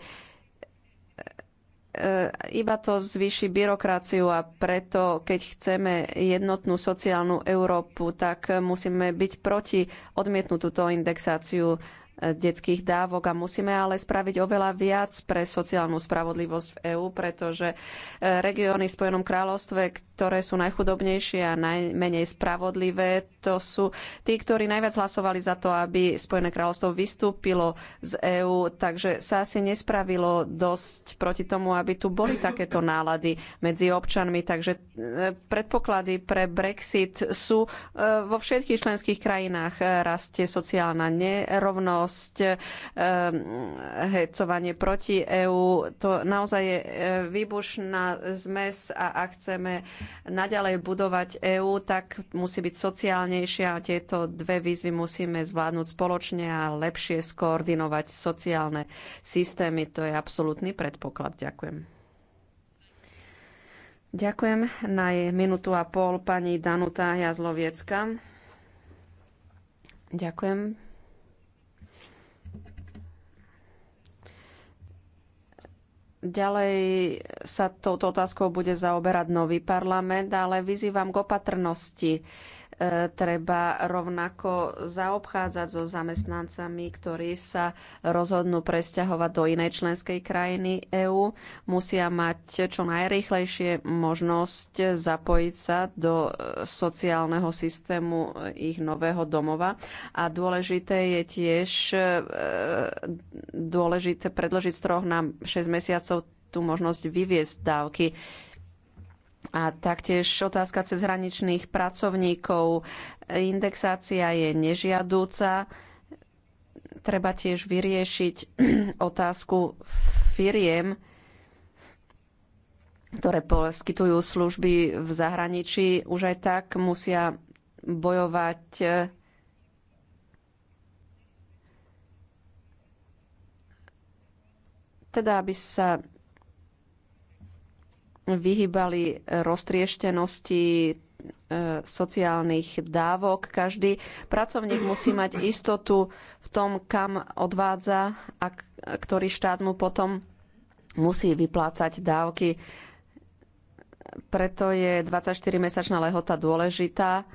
E, iba to zvýši byrokraciu a preto, keď chceme jednotnú sociálnu Európu, tak musíme byť proti odmietnutú túto indexáciu detských dávok a musíme ale spraviť oveľa viac pre sociálnu spravodlivosť v EÚ, pretože e, regióny v Spojenom kráľovstve, ktoré sú najchudobnejšie a najmenej spravodlivé, to sú tí, ktorí najviac hlasovali za to, aby Spojené kráľovstvo vystúpilo z EÚ, takže sa asi nespravilo dosť proti tomu, aby tu boli takéto nálady medzi občanmi, takže e, predpoklady pre Brexit sú e, vo všetkých členských krajinách rastie sociálna nerovnosť, beztrestnosť, eh, hecovanie proti EÚ. To naozaj je eh, výbušná zmes a ak chceme naďalej budovať EÚ, tak musí byť sociálnejšia a tieto dve výzvy musíme zvládnuť spoločne a lepšie skoordinovať sociálne systémy. To je absolútny predpoklad. Ďakujem. Ďakujem. Na minútu a pol pani Danuta Jazloviecka. Ďakujem, Ďalej sa touto otázkou bude zaoberať nový parlament, ale vyzývam k opatrnosti. E, treba rovnako zaobchádzať so zamestnancami, ktorí sa rozhodnú presťahovať do inej členskej krajiny EÚ. Musia mať čo najrychlejšie možnosť zapojiť sa do e, sociálneho systému e, ich nového domova. A dôležité je tiež dôležité predložiť z troch na 6 mesiacov tú možnosť vyviesť dávky a taktiež otázka cezhraničných pracovníkov. Indexácia je nežiadúca. Treba tiež vyriešiť otázku firiem, ktoré poskytujú služby v zahraničí. Už aj tak musia bojovať eh, teda, aby sa vyhýbali roztrieštenosti e, sociálnych dávok. Každý pracovník musí mať istotu v tom, kam odvádza a ktorý štát mu potom musí vyplácať dávky. Preto je 24-mesačná lehota dôležitá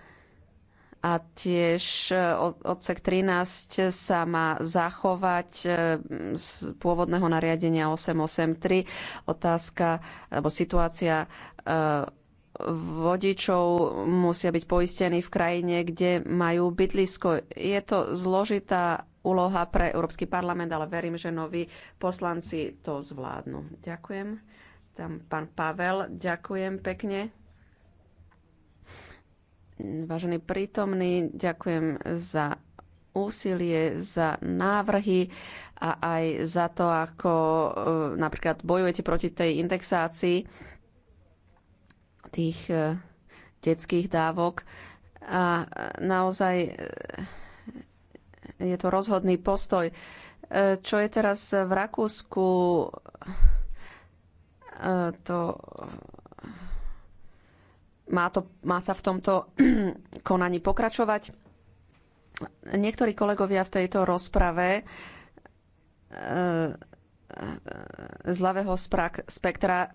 a tiež e, odsek 13 sa má zachovať e, z pôvodného nariadenia 883. Otázka alebo situácia e, vodičov musia byť poistení v krajine, kde majú bytlisko. Je to zložitá úloha pre Európsky parlament, ale verím, že noví poslanci to zvládnu. Ďakujem. Tam pán Pavel, ďakujem pekne. Vážený prítomní, ďakujem za úsilie, za návrhy a aj za to, ako e, napríklad bojujete proti tej indexácii tých e, detských dávok. A e, naozaj je to rozhodný postoj. Čo je teraz v Rakúsku, to má, to, má sa v tomto konaní pokračovať. Niektorí kolegovia v tejto rozprave e, e, z ľavého spektra e,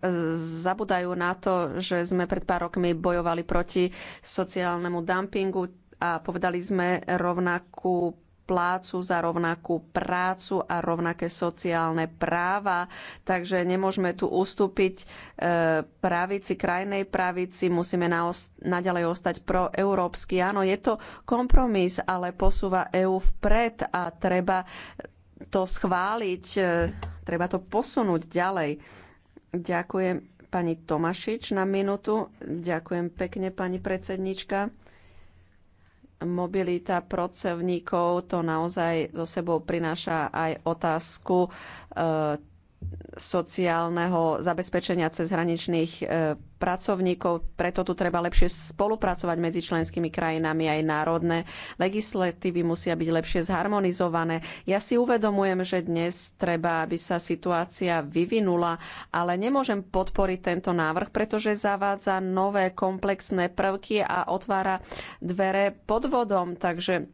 zabudajú na to, že sme pred pár rokmi bojovali proti sociálnemu dumpingu a povedali sme rovnakú plácu za rovnakú prácu a rovnaké sociálne práva. Takže nemôžeme tu ustúpiť e, pravici, krajnej pravici, musíme naďalej ostať proeurópsky. Áno, je to kompromis, ale posúva EÚ vpred a treba to schváliť, e, treba to posunúť ďalej. Ďakujem pani Tomašič na minútu. Ďakujem pekne, pani predsednička mobilita pracovníkov to naozaj zo sebou prináša aj otázku e, sociálneho zabezpečenia cezhraničných e, pracovníkov. Preto tu treba lepšie spolupracovať medzi členskými krajinami aj národné. Legislatívy musia byť lepšie zharmonizované. Ja si uvedomujem, že dnes treba, aby sa situácia vyvinula, ale nemôžem podporiť tento návrh, pretože zavádza nové komplexné prvky a otvára dvere podvodom. Takže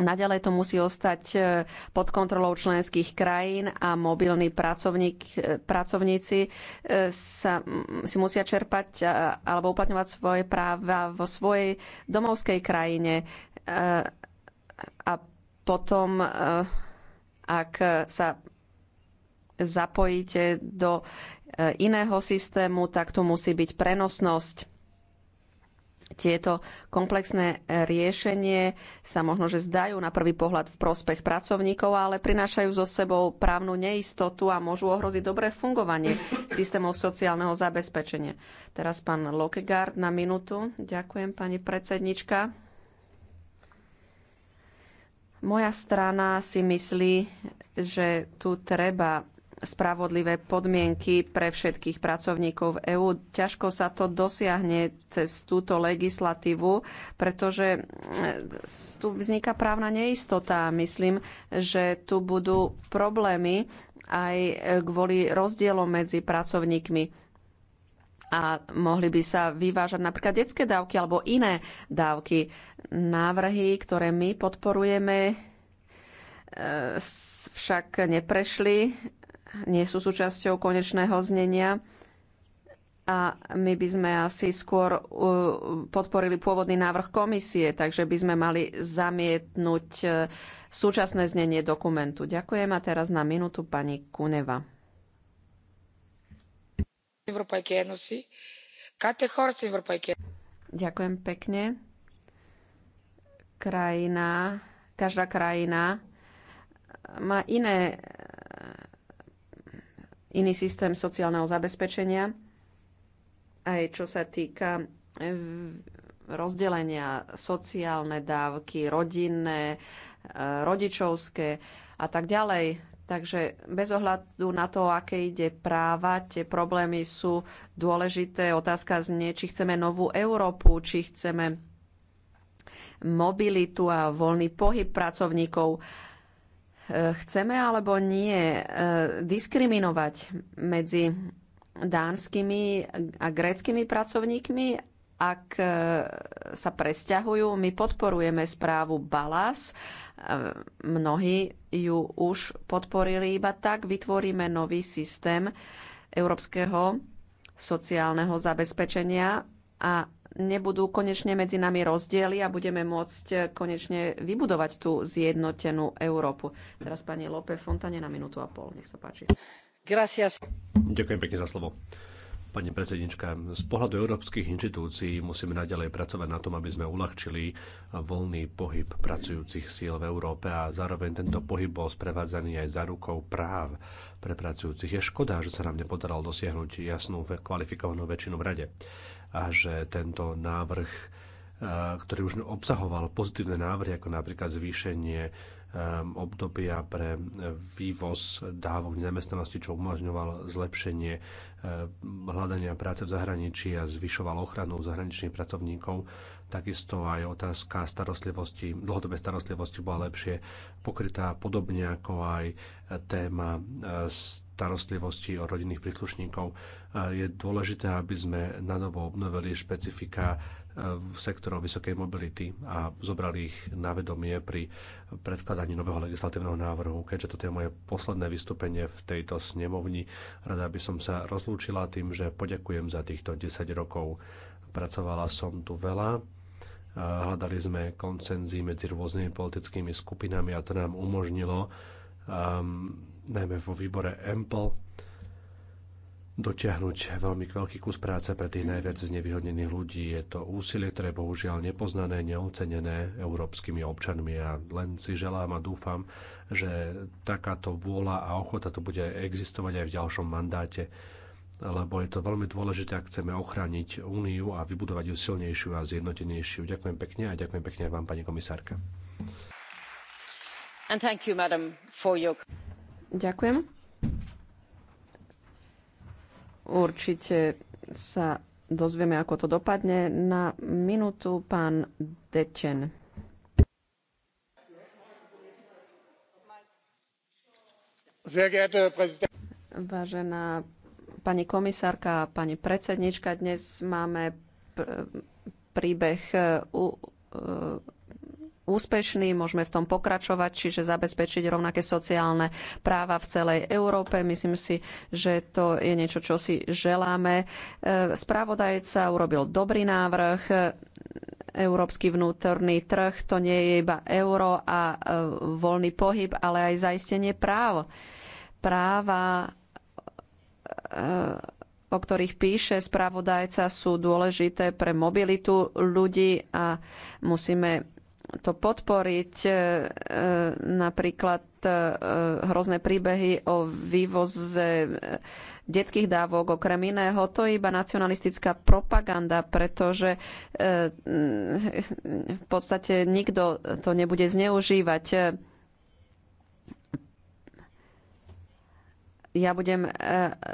Naďalej to musí ostať e, pod kontrolou členských krajín a mobilní pracovník, e, pracovníci e, sa, si musia čerpať alebo uplatňovať svoje práva vo svojej domovskej krajine. A potom, ak sa zapojíte do iného systému, tak tu musí byť prenosnosť tieto komplexné e, riešenie sa možno, že zdajú na prvý pohľad v prospech pracovníkov, ale prinášajú so sebou právnu neistotu a môžu ohroziť dobré fungovanie systémov sociálneho zabezpečenia. Teraz pán Lokegard na minútu. Ďakujem, pani predsednička. Moja strana si myslí, že tu treba spravodlivé podmienky pre všetkých pracovníkov v EÚ. Ťažko sa to dosiahne cez túto legislatívu, pretože mm, tu vzniká právna neistota. Myslím, že tu budú problémy aj e, kvôli rozdielom medzi pracovníkmi a mohli by sa vyvážať napríklad detské dávky alebo iné dávky. Návrhy, ktoré my podporujeme, e, však neprešli nie sú súčasťou konečného znenia a my by sme asi skôr uh, podporili pôvodný návrh komisie, takže by sme mali zamietnúť uh, súčasné znenie dokumentu. Ďakujem a teraz na minútu pani Kuneva. Ďakujem pekne. Krajina, každá krajina má iné iný systém sociálneho zabezpečenia, aj čo sa týka eh, rozdelenia sociálne dávky, rodinné, eh, rodičovské a tak ďalej. Takže bez ohľadu na to, aké ide práva, tie problémy sú dôležité. Otázka znie, či chceme novú Európu, či chceme mobilitu a voľný pohyb pracovníkov Chceme alebo nie e, diskriminovať medzi dánskymi a gréckými pracovníkmi, ak e, sa presťahujú. My podporujeme správu Balas. E, mnohí ju už podporili, iba tak vytvoríme nový systém európskeho sociálneho zabezpečenia a nebudú konečne medzi nami rozdiely a budeme môcť eh, konečne vybudovať tú zjednotenú Európu. Teraz pani Lope Fontane na minútu a pol. Nech sa páči. Gracias. Ďakujem pekne za slovo. Pani predsednička, z pohľadu európskych inštitúcií musíme naďalej pracovať na tom, aby sme uľahčili voľný pohyb pracujúcich síl v Európe a zároveň tento pohyb bol sprevádzaný aj za rukou práv pre pracujúcich. Je škoda, že sa nám nepodarilo dosiahnuť jasnú kvalifikovanú väčšinu v rade a že tento návrh, e, ktorý už obsahoval pozitívne návrhy, ako napríklad zvýšenie e, obdobia pre vývoz dávok nezamestnanosti, čo umožňoval zlepšenie e, hľadania práce v zahraničí a zvyšoval ochranu zahraničných pracovníkov. Takisto aj otázka starostlivosti, dlhodobej starostlivosti bola lepšie pokrytá, podobne ako aj téma starostlivosti o rodinných príslušníkov. E, je dôležité, aby sme na novo obnovili špecifika e, sektorov vysokej mobility a zobrali ich na vedomie pri predkladaní nového legislatívneho návrhu. Keďže toto je moje posledné vystúpenie v tejto snemovni, rada by som sa rozlúčila tým, že poďakujem za týchto 10 rokov. Pracovala som tu veľa, e, hľadali sme koncenzí medzi rôznymi politickými skupinami a to nám umožnilo um, najmä vo výbore EMPL, dotiahnuť veľmi veľký kus práce pre tých najviac znevýhodnených ľudí. Je to úsilie, ktoré je bohužiaľ nepoznané, neocenené európskymi občanmi a len si želám a dúfam, že takáto vôľa a ochota to bude existovať aj v ďalšom mandáte, lebo je to veľmi dôležité, ak chceme ochrániť Úniu a vybudovať ju silnejšiu a zjednotenejšiu. Ďakujem pekne a ďakujem pekne aj vám, pani komisárka. And thank you, madam, for your... Ďakujem. Určite sa dozvieme, ako to dopadne. Na minútu pán Dečen. Vážená pani komisárka, pani predsednička, dnes máme príbeh u uh, úspešní, môžeme v tom pokračovať, čiže zabezpečiť rovnaké sociálne práva v celej Európe. Myslím si, že to je niečo, čo si želáme. E, spravodajca urobil dobrý návrh. Európsky vnútorný trh to nie je iba euro a e, voľný pohyb, ale aj zaistenie práv. Práva e, o ktorých píše spravodajca, sú dôležité pre mobilitu ľudí a musíme to podporiť. E, e, napríklad e, hrozné príbehy o vývoze detských dávok okrem iného. To je iba nacionalistická propaganda, pretože v podstate nikto to nebude zneužívať ja budem e,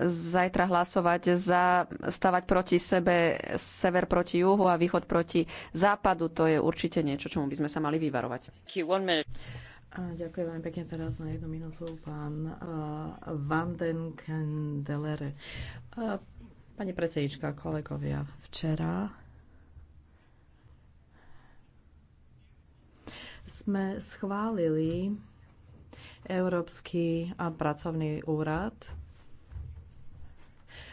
zajtra hlasovať za stavať proti sebe sever proti juhu a východ proti západu. To je určite niečo, čomu by sme sa mali vyvarovať. A ďakujem veľmi pekne teraz na jednu minútu, pán uh, e, Vanden Kendelere. Uh, pani predsednička, kolegovia, včera sme schválili Európsky pracovný úrad.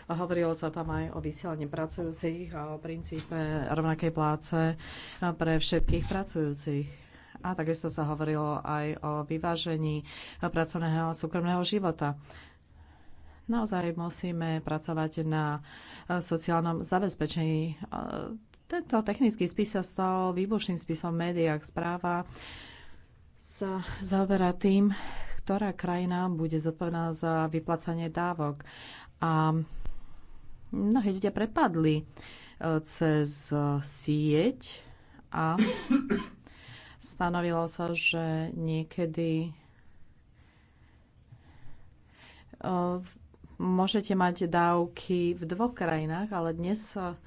a Hovorilo sa tam aj o vysielaní pracujúcich a o princípe rovnakej pláce pre všetkých pracujúcich. A takisto sa hovorilo aj o vyvážení pracovného a súkromného života. Naozaj musíme pracovať na sociálnom zabezpečení. Tento technický spis sa stal výbušným spisom v médiách. Správa sa zaoberá tým, ktorá krajina bude zodpovedná za vyplacanie dávok. A mnohí ľudia prepadli e, cez e, sieť a stanovilo sa, že niekedy e, môžete mať dávky v dvoch krajinách, ale dnes sa,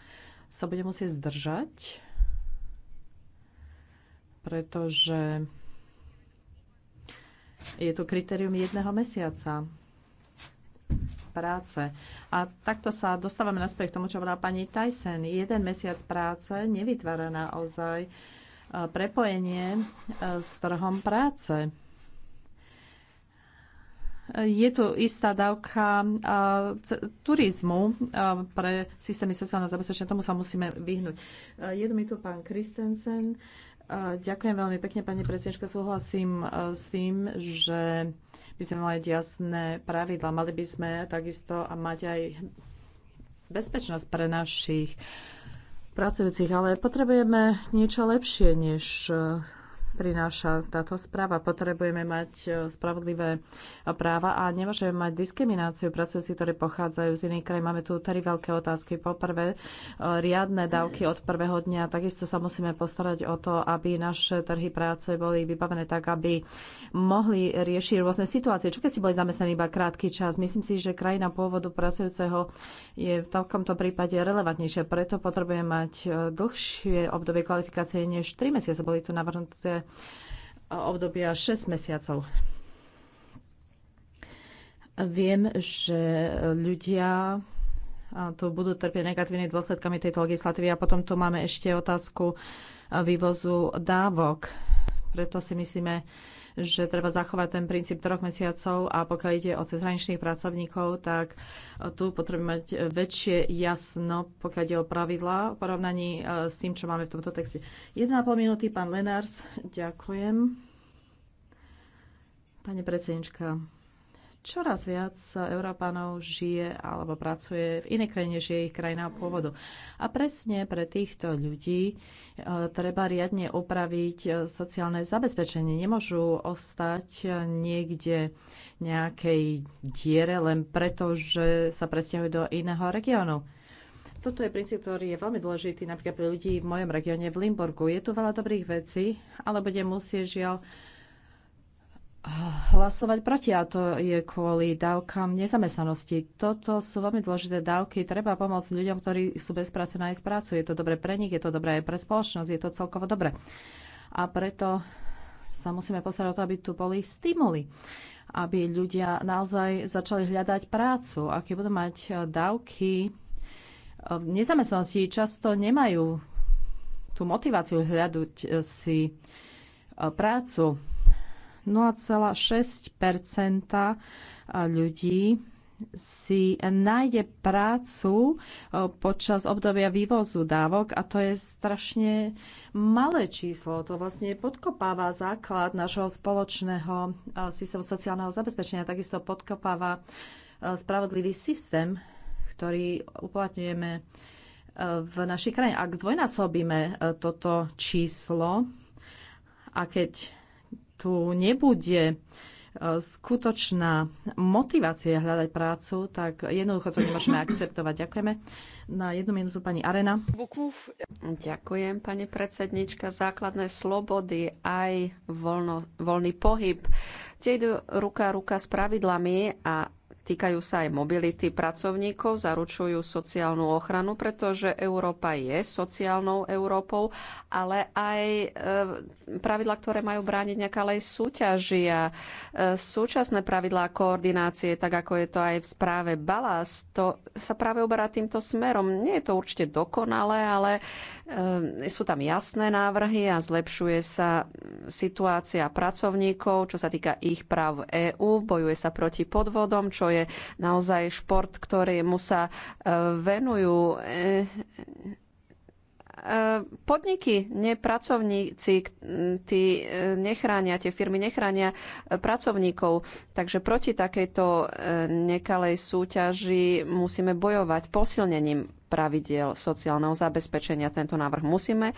bude musieť zdržať, pretože je tu kritérium jedného mesiaca práce. A takto sa dostávame naspäť k tomu, čo hovorila pani Tyson. Jeden mesiac práce nevytvára naozaj e, prepojenie e, s trhom práce. Je tu istá dávka e, turizmu pre systémy sociálneho zabezpečenia. Tomu sa musíme vyhnúť. Jedno mi tu pán Kristensen Ďakujem veľmi pekne, pani predsednička. Súhlasím e, s tým, že by sme mali jasné pravidla. Mali by sme takisto a mať aj bezpečnosť pre našich pracujúcich, ale potrebujeme niečo lepšie než e, prináša táto správa. Potrebujeme mať e, spravodlivé e, práva a nemôžeme mať diskrimináciu pracujúcich, ktorí pochádzajú z iných krajín. Máme tu tri veľké otázky. Poprvé, e, riadne dávky od prvého dňa. Takisto sa musíme postarať o to, aby naše trhy práce boli vybavené tak, aby mohli riešiť rôzne situácie. Čo keď si boli zamestnaní iba krátky čas? Myslím si, že krajina pôvodu pracujúceho je v takomto prípade relevantnejšia. Preto potrebujeme mať dlhšie obdobie kvalifikácie než 3 mesiace. Boli tu navrhnuté obdobia 6 mesiacov. Viem, že ľudia tu budú trpieť negatívnymi dôsledkami tejto legislatívy a potom tu máme ešte otázku vývozu dávok. Preto si myslíme, že treba zachovať ten princíp troch mesiacov a pokiaľ ide o cezhraničných pracovníkov, tak tu potrebujeme mať väčšie jasno, pokiaľ ide o pravidlá v porovnaní e, s tým, čo máme v tomto texte. 1,5 minúty, pán Lenárs. Ďakujem. Pani predsednička, čoraz viac Európanov žije alebo pracuje v inej krajine, než je ich krajina pôvodu. A presne pre týchto ľudí e, treba riadne upraviť e, sociálne zabezpečenie. Nemôžu ostať e, niekde nejakej diere len preto, že sa presťahujú do iného regiónu. Toto je princíp, ktorý je veľmi dôležitý napríklad pre ľudí v mojom regióne v Limburgu. Je tu veľa dobrých vecí, ale bude musieť žiaľ hlasovať proti a to je kvôli dávkam nezamestnanosti. Toto sú veľmi dôležité dávky. Treba pomôcť ľuďom, ktorí sú bez práce nájsť prácu. Je to dobre pre nich, je to dobré aj pre spoločnosť, je to celkovo dobré. A preto sa musíme postarať o to, aby tu boli stimuly aby ľudia naozaj začali hľadať prácu. A keď budú mať e, dávky e, v nezamestnanosti, často nemajú tú motiváciu hľadať e, si prácu 0,6 ľudí si nájde prácu počas obdobia vývozu dávok a to je strašne malé číslo. To vlastne podkopáva základ našho spoločného systému sociálneho zabezpečenia, takisto podkopáva spravodlivý systém, ktorý uplatňujeme v našich krajine. Ak zdvojnásobíme toto číslo a keď tu nebude e, skutočná motivácia hľadať prácu, tak jednoducho to nemôžeme akceptovať. Ďakujeme. Na jednu minútu pani Arena. Ďakujem, pani predsednička. Základné slobody aj voľno, voľný pohyb. Tie idú ruka ruka s pravidlami a týkajú sa aj mobility pracovníkov, zaručujú sociálnu ochranu, pretože Európa je sociálnou Európou, ale aj e, pravidla, ktoré majú brániť nejaká súťaži a e, súčasné pravidlá koordinácie, tak ako je to aj v správe Balas, to sa práve uberá týmto smerom. Nie je to určite dokonalé, ale e, sú tam jasné návrhy a zlepšuje sa situácia pracovníkov, čo sa týka ich práv v EÚ, bojuje sa proti podvodom, čo je je naozaj šport, ktorému sa e, venujú e, e, podniky, nepracovníci, tí nechránia, tie firmy nechránia pracovníkov. Takže proti takejto nekalej súťaži musíme bojovať posilnením pravidiel sociálneho zabezpečenia. Tento návrh musíme e,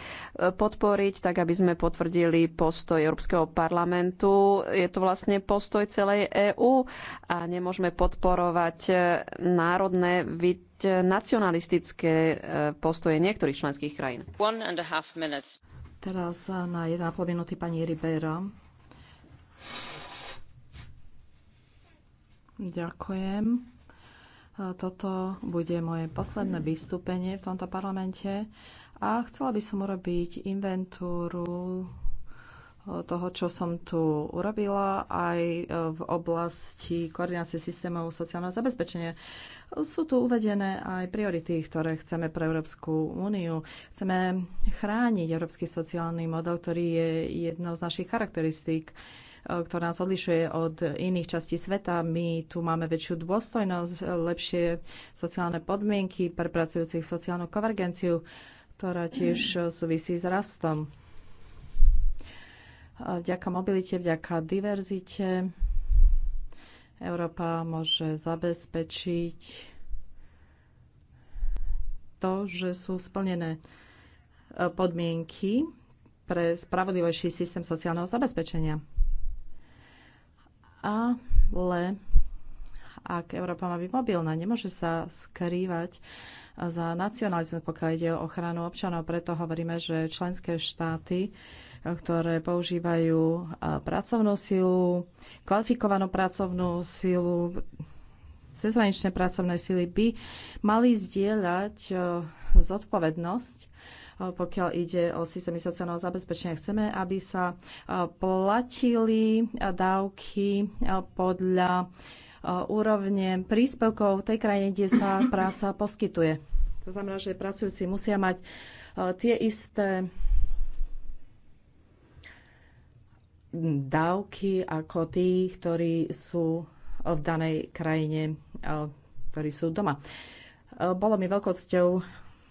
podporiť, tak aby sme potvrdili postoj Európskeho parlamentu. Je to vlastne postoj celej EÚ a nemôžeme podporovať e, národné vytváranie nacionalistické e, postoje niektorých členských krajín. Teraz na 1,5 minúty pani Ribera. Ďakujem. Toto bude moje posledné vystúpenie v tomto parlamente a chcela by som urobiť inventúru e, toho, čo som tu urobila aj e, v oblasti koordinácie systémov sociálneho zabezpečenia. Sú tu uvedené aj priority, ktoré chceme pre Európsku úniu. Chceme chrániť európsky sociálny model, ktorý je jednou z našich charakteristík. E, ktorá nás odlišuje od iných častí sveta. My tu máme väčšiu dôstojnosť, lepšie sociálne podmienky pre pracujúcich sociálnu konvergenciu, ktorá tiež súvisí s rastom. E, vďaka mobilite, vďaka diverzite Európa môže zabezpečiť to, že sú splnené e, podmienky pre spravodlivejší systém sociálneho zabezpečenia ale ak Európa má byť mobilná, nemôže sa skrývať za nacionalizmus, pokiaľ ide o ochranu občanov. Preto hovoríme, že členské štáty, ktoré používajú pracovnú silu, kvalifikovanú pracovnú silu, cezhraničné pracovné sily by mali zdieľať e, zodpovednosť pokiaľ ide o systémy sociálneho zabezpečenia. Chceme, aby sa platili dávky podľa úrovne príspevkov v tej krajine, kde sa práca poskytuje. To znamená, že pracujúci musia mať tie isté dávky ako tí, ktorí sú v danej krajine, ktorí sú doma. Bolo mi veľkosťou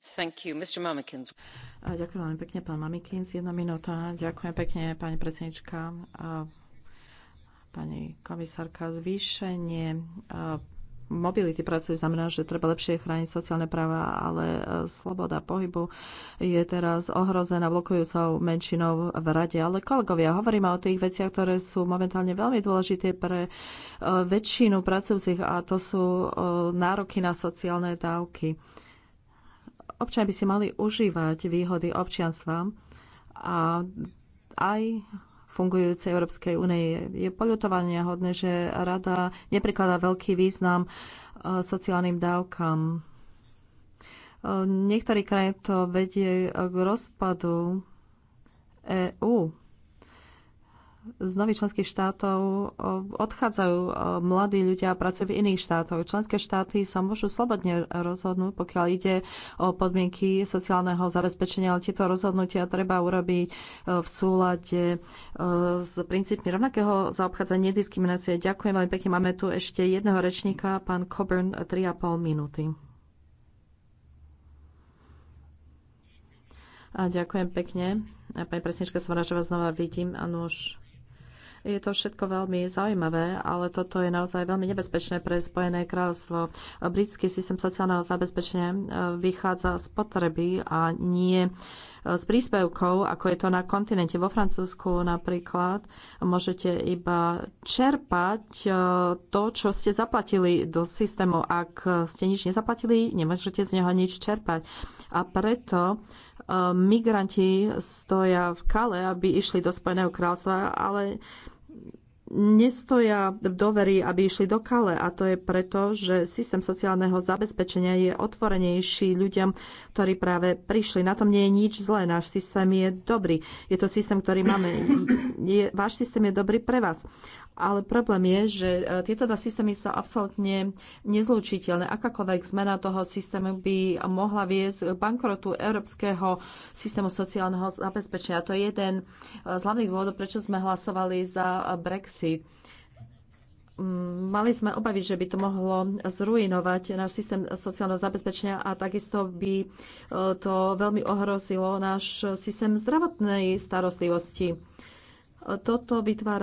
Ďakujem veľmi pekne, pán Mamikins. Jedna minúta. Ďakujem pekne, pani predsednička. Pani komisárka, zvýšenie mobility pracuje znamená, že treba lepšie chrániť sociálne práva, ale e, sloboda pohybu je teraz ohrozená blokujúcou menšinou v rade. Ale kolegovia, hovoríme o tých veciach, ktoré sú momentálne veľmi dôležité pre e, väčšinu pracujúcich a to sú e, nároky na sociálne dávky občania by si mali užívať výhody občianstva a aj fungujúcej Európskej únie. Je poľutovanie hodné, že rada neprikladá veľký význam eh, sociálnym dávkam. Eh, Niektorí kraje to vedie k rozpadu EÚ z nových členských štátov odchádzajú mladí ľudia a pracujú v iných štátoch. Členské štáty sa môžu slobodne rozhodnúť, pokiaľ ide o podmienky sociálneho zabezpečenia, ale tieto rozhodnutia treba urobiť v súlade s princípmi rovnakého zaobchádzania nediskriminácie. Ďakujem veľmi pekne. Máme tu ešte jedného rečníka, pán Coburn, 3,5 minúty. A ďakujem pekne. Pani presnička, som rád, že vás znova vidím. Ano už je to všetko veľmi zaujímavé, ale toto je naozaj veľmi nebezpečné pre Spojené kráľstvo. Britský systém sociálneho zabezpečenia e, vychádza z potreby a nie e, z príspevkov, ako je to na kontinente. Vo Francúzsku napríklad môžete iba čerpať e, to, čo ste zaplatili do systému. Ak ste nič nezaplatili, nemôžete z neho nič čerpať. A preto migranti stoja v kale, aby išli do Spojeného kráľstva, ale nestoja v doveri, aby išli do kale. A to je preto, že systém sociálneho zabezpečenia je otvorenejší ľuďom, ktorí práve prišli. Na tom nie je nič zlé. Náš systém je dobrý. Je to systém, ktorý máme. Je, váš systém je dobrý pre vás. Ale problém je, že e, tieto dva systémy sú absolútne nezlučiteľné. Akákoľvek zmena toho systému by mohla viesť k bankrotu európskeho systému sociálneho zabezpečenia. To je jeden e, z hlavných dôvodov, prečo sme hlasovali za Brexit mm, mali sme obavy, že by to mohlo zrujnovať náš systém sociálneho zabezpečenia a takisto by e, to veľmi ohrozilo náš systém zdravotnej starostlivosti. Toto vytvára